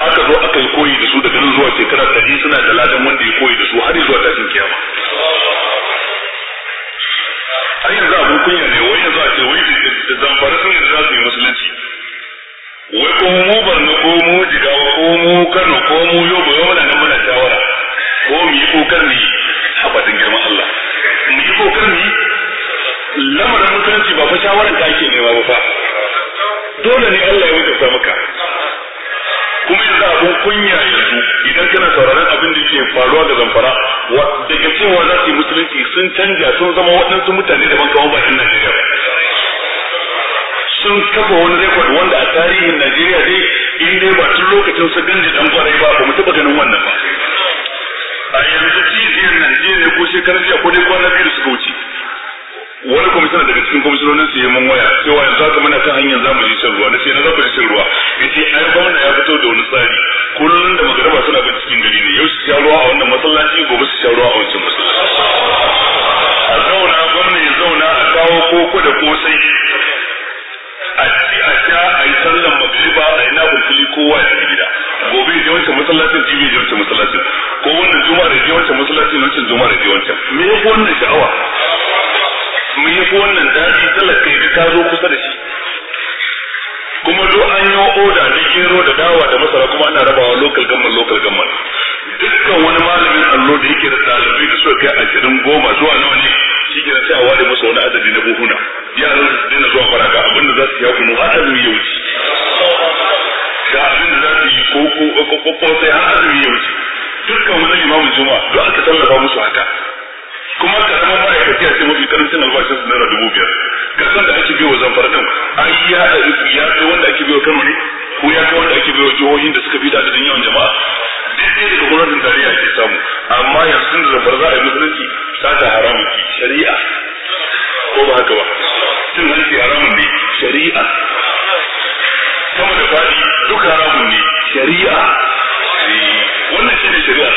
aka zo aka yi koyi da su daga nan zuwa shekara biyu suna da ladan wanda ya koyi da su har zuwa tashin kiyama har yanzu abin kunya ne wai yanzu a ce wai da zamfara sun yanzu za su yi musulunci wai ko mu barna ko mu jigawa ko mu kano ko mu yobe wai muna nan muna shawara ko mu yi a batun girman Allah mu yi kokarni lamarin musulunci ba fa shawarar ta ake nema ba fa dole ne Allah ya wuce maka kuma yanzu abin kunya yanzu idan kana sauraron abin da ke faruwa da zamfara daga cewa za su yi musulunci sun canja sun zama waɗansu mutane da bankawan bakin Najeriya sun kafa wani rekod wanda a tarihin Najeriya dai in dai ba tun lokacin su ganje dan kwarai ba ba mu taɓa ganin wannan ba a yanzu jijiyar Najeriya ko shekarar jiya ko dai kwanan biyu da suka wuce wani kwamishina daga cikin kwamishinonin su yi mun waya cewa yanzu haka muna kan hanyar zamu je shan ruwa na ce na za ku je shan ruwa ya ce ai gwamna ya fito da wani tsari kullum da magaraba suna bin cikin gari ne yau su sha ruwa a wannan masallaci gobe su sha ruwa a wancan masallaci a zauna gwamna ya zauna a kawo koko da kosai a ci a sha a yi sallan magariba a yi na fili kowa ya ci gida gobe ya je wancan masallacin jibi ya je wancan masallacin ko wannan juma'a da ya je wancan masallacin wancan juma'a da ya je wancan me ya fi wannan sha'awa mun yi ko wannan daɗi talaka ya ka zo kusa da shi kuma do an yi oda da gero da dawa da masara kuma ana rabawa local gamman local gamman dukkan wani malamin allo da yake da ɗalibai da suka kai ashirin goma zuwa nawa ne shi ke sai a ware masa wani adadi na buhuna yaran su daina zuwa faraka abinda za su yi mu har yi ya wuce da abinda za su yi ko ko ko ko sai har azumi ya wuce dukkan wani imamu juma'a duk aka tallafa musu haka kuma ka zama ma'aikaci a ce mafi karancin albashin su naira dubu biyar ka san da ake biyo wa zamfara kan ai ya ya kai wanda ake biyo kan ne ko ya kai wanda ake biyo jihohin da suka fi da adadin yawan jama'a daidai da gwamnatin tarayya ake samu amma yanzu da zamfara za a yi musulunci sata haramun shari'a ko ba haka ba cin hanci haramun ne shari'a sama da faɗi duk haramun ne shari'a eh, wannan shi ne shari'a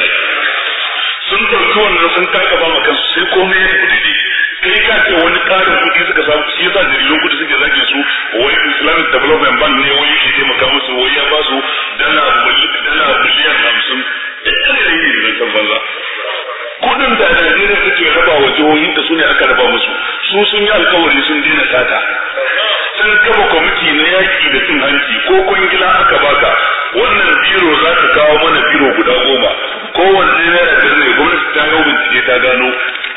sun ɗauki wannan sun kaka ba ma kansu sai komai ya kudi ne kai ka ce wani ƙarin kudi suka samu shi yasa jaridun kudi suke zage su wai islamic development bank ne wai yake taimaka musu wai ya ba su dala miliyan hamsin ɗaya ne yi zai san banza kuɗin da najeriya suke raba wa jihohin da su ne aka raba musu su sun yi alkawari sun daina sata sun kafa kwamiti na yaƙi da cin hanci ko kwangila aka baka wannan biro za ta kawo mana biro guda goma kowanne naira da ne gwamnati ta yau bincike ta gano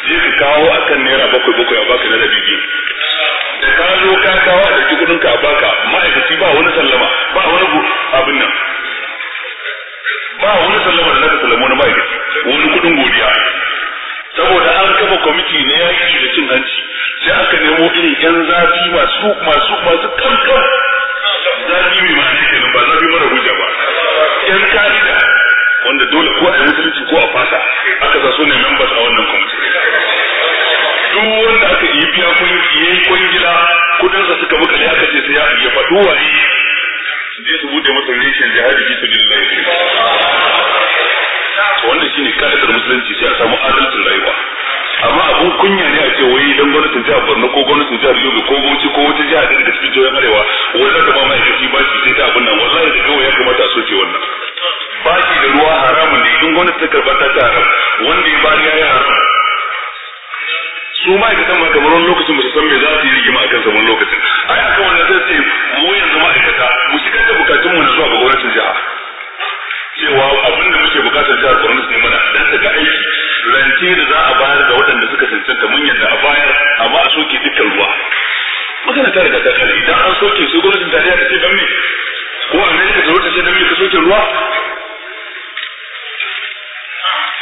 je ka kawo akan naira bakwai bakwai a baka naira biyu da ka zo ka kawo a ɗauki kuɗinka a baka ma'aikaci ba wani sallama ba wani abin nan ba wani sallama da naka sallama wani ma'aikaci wani kuɗin godiya saboda an kafa kwamiti na yaƙi da cin hanci sai aka nemo irin yan zafi masu masu masu kankan zafi mai ma'ana kenan ba zafi mara hujja ba yan ka'ida wanda dole ko a yi musulunci ko a fasa aka sa su ne members a wannan kwamiti duk wanda aka yi biya kun kungila kudin sa suka ne aka ce sai ya ya faɗu ne je su bude masa reshen jihadi fi sabilillah wanda shine da musulunci sai a samu adalcin rayuwa amma abun kunya ne a ce wai idan gwamnatin jihar Borno ko gwamnatin jihar Yobe ko Bauchi ko wata jiha da daga cikin jihohin Arewa wai za ta ba ma'aikaci ba shi sai ta abin nan wallahi da gawa ya kamata a soke wannan baki da ruwa haramun ne in gwamnati ta karɓar ta ta haram wanda ya bani ya yi haram su ma'aikatan ma kamar wani lokacin ba su san me za su yi rigima a kan saman lokacin ai akan wannan zai ce mu yanzu ma'aikata mu shi kanta bukatun mu na zuwa ga gwamnatin jiha cewa abin da muke bukatar jihar Borno ne mana dan ga aiki rance da za a bayar ga waɗanda suka cancanta mun yadda a bayar amma a soke dukkan ruwa magana ta riga ta kare idan an soke su gwamnatin tarayya ta ce ban me ko ne ka zo ta ce dan me ka soke ruwa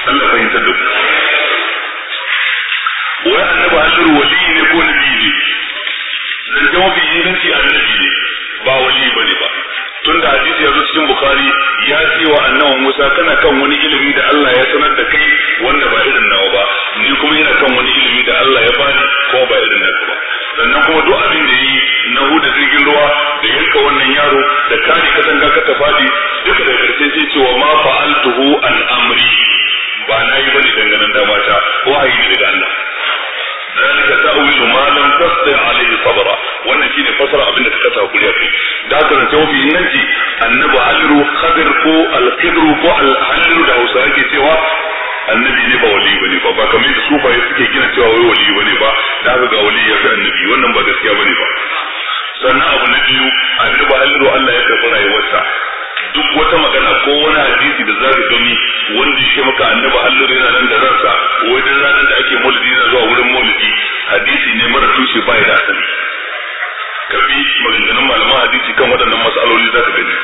Allah fahimtar da ku wai annabi haliru wali ne ko nabi ne zance mafi inganci annabi ne ba wali ba ne ba tun da hadisi ya cikin bukhari ya ce wa annabi musa kana kan wani ilimi da Allah ya sanar da kai wanda ba irin nawa ba ni kuma ina kan wani ilimi da Allah ya bani ko ba irin nawa ba sannan kuma duk abin da yi na huda jirgin ruwa da yanka wannan yaro da kare katanga ka tafadi duka da karshe sai cewa ma fa'altuhu an amri ba na yi bane danganan da mata wahayi ne daga Allah ذلك تأويل ما لم تستطع عليه صبرا وانا شيني فسر ابن كتا كليا في ذاك نتو في نجي النبي علو خضر كو القدر كو الحلو ده وساكي cewa annabi ne ba wali bane ba ba kamar da sufa ya suke gina cewa wai wali bane ba da ga wali ya fi annabi wannan ba gaskiya bane ba sannan abu na biyu annabi Allah ya karɓi rayuwarsa duk wata magana ko wani hadisi da za ka gani wanda yake maka annabi Allah yana nan da ransa wajen ranar da ake mulki na zuwa wurin mulki hadisi ne mara tushe bai da asali kabi maganganun malaman hadisi kan waɗannan mas'aloli za ka gani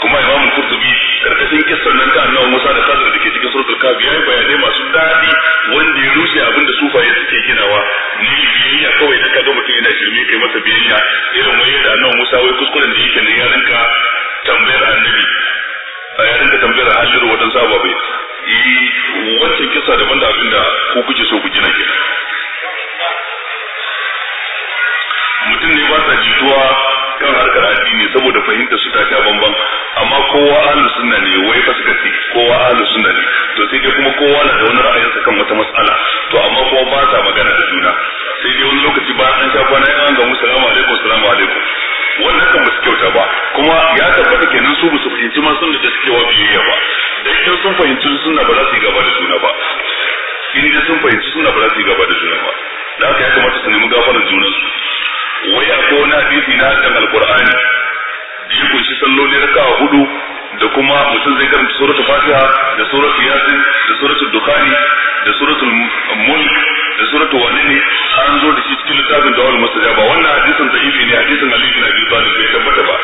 kuma imamu kurtubi karkashin kissan nan ta annabi Musa da Khadir dake cikin suratul Kahf yi bayanai masu dadi wanda ya rushe abin da sufaye suke ginawa ni biyayya kawai da ga mutum yana shirme kai masa biyayya irin wani da annabi Musa wai kuskuren da yake ne ya rinka tambayar annabi a yayin da tambayar wata sabuwa bai yi wancan kisa daban da abin da ku kuke so ku gina ke mutum ne ba sa jituwa kan harkar addini saboda fahimta su ta sha bamban amma kowa ahlu sunna ne wai fa suka kowa ahlu sunna ne to sai dai kuma kowa na da wani ra'ayinsa kan wata mas'ala to amma kowa ba sa magana da juna sai dai wani lokaci ba an sha kwana an ga mu salamu alaikum salamu alaikum wannan kan ba su kyauta ba kuma ya tabbata kenan su ba su fahimci ma sun da suke wa biyayya ba da idan sun fahimci suna ba za su yi gaba da juna ba in da sun fahimci suna ba za su yi gaba da juna ba da haka ya kamata su nemi gafarar junan su wai akwai wani hadisi na haddan alqur'ani da ya kunshi salloli raka'a hudu da kuma mutum zai karanta suratul fatiha da suratul yasin da suratul dukhani da suratul mulk da suratul walini an zo da shi cikin littafin dawal mustaja ba wannan hadisin yake ne hadisin ali bin abi talib bai tabbata ba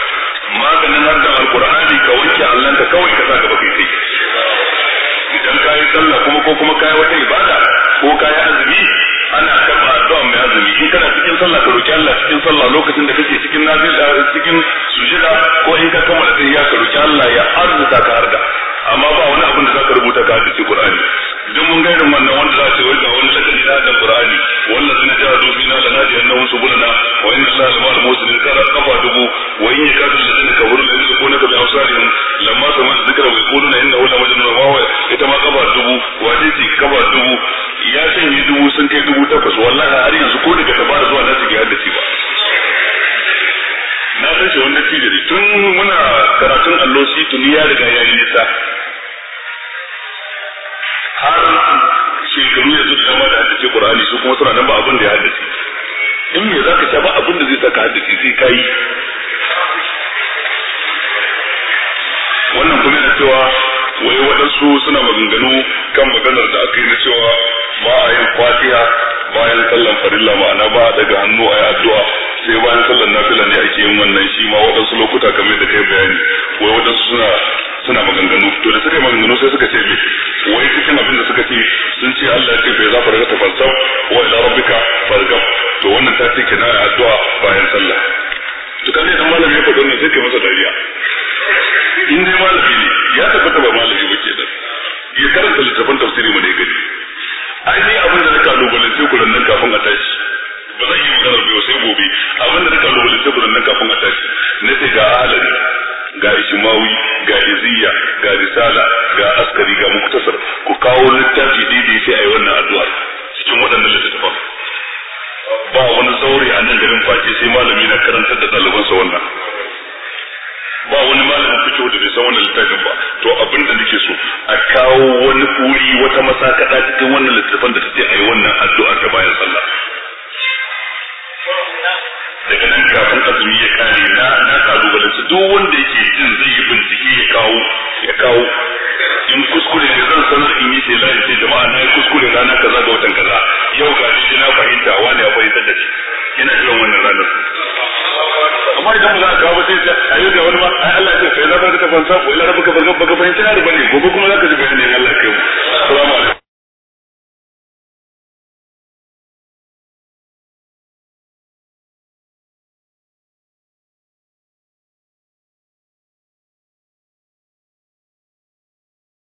maganin nan da alqur'ani ka wanke ka kawai ka saka baka kai idan kayi sallah kuma ko kuma kayi wata ibada ko kayi azumi sallah ka roki Allah cikin sallah lokacin da kake cikin nafila cikin sujada ko in ka kammala sai ya ka roki Allah ya arzuta ka harda amma ba wani abin da zaka rubuta ka cikin Qur'ani idan mun ga irin wannan wanda za su yi wani lakani na da qur'ani wannan sun ja dubi na lana da na subulana na inna allaha la ma'al muslimin kara kafa dubu wa in yakadu alladhina kafaru la yusquna bi absarihim lamma sami'u dhikra wa yaquluna innahu wani majnun nuna huwa ita ma kafa dubu wa ce kafa dubu ya sanya dubu sun kai dubu takwas wallahi har yanzu ko daga tabara zuwa nasu ga haddace ba na san shi wanda tijiri tun muna karatun allo shi tuni ya riga ya yi nisa har shekaru yanzu da dama da haddace Qur'ani su kuma suna nan ba abin da ya haddace in me zaka sha ba abin da zai saka haddace sai kai wannan kuma yana cewa wai waɗansu suna maganganu kan maganar da aka yi na cewa ba a yin fatiha bayan sallan farilla ma'ana ba a daga hannu a yi addu'a sai bayan sallan nafila ne ake yin wannan shi ma waɗansu lokuta kamar da kai bayani wai waɗansu suna suna maganganu to da suka yi maganganu sai suka ce wai cikin abin da suka ce sun ce Allah ya ce bai za ku ta falsaf wa ila rabbika fargam to wannan ta ce kina addu'a bayan sallah to kan ne dan malami ya faɗo ne sai kai masa dariya in dai malami ne ya tabbata ba malami ba ke nan ya karanta littafin tafsiri mu ne gani ai ni abin da na kalubalance ku nan kafin a tashi ba zan yi maganar biyu sai gobe abin da na kalubalance ku nan kafin a tashi ne sai ga ahalari ga ishimawi ga iziya ga risala ga askari ga muktasar ku kawo littafi daidai sai a yi wannan addu'a cikin waɗannan littattafan ba wani zaure a nan garin face sai malami na karanta da ɗalibansa wannan ba wani malamin fito da bai san wannan littafin ba to abin da nake so a kawo wani kuri wata masakada cikin wannan littafin da take ai wannan addu'a ta bayan sallah daga nan kafin azumi ya kare na na kalubalen su duk wanda yake jin zai yi bincike ya kawo ya kawo in kuskure ne zan san in yi sai lai sai jama'a na yi kuskure rana kaza ga watan kaza yau ga shi na fahimta wani ya fahimta da shi ina jiran wannan ranar amma idan ba za a kawo ba sai a yi da wani ma ai Allah ya ce sai na ka fansa ko ila rabbika baka fahimci na da gobe kuma za ka ji bayanin Allah kai mu assalamu alaikum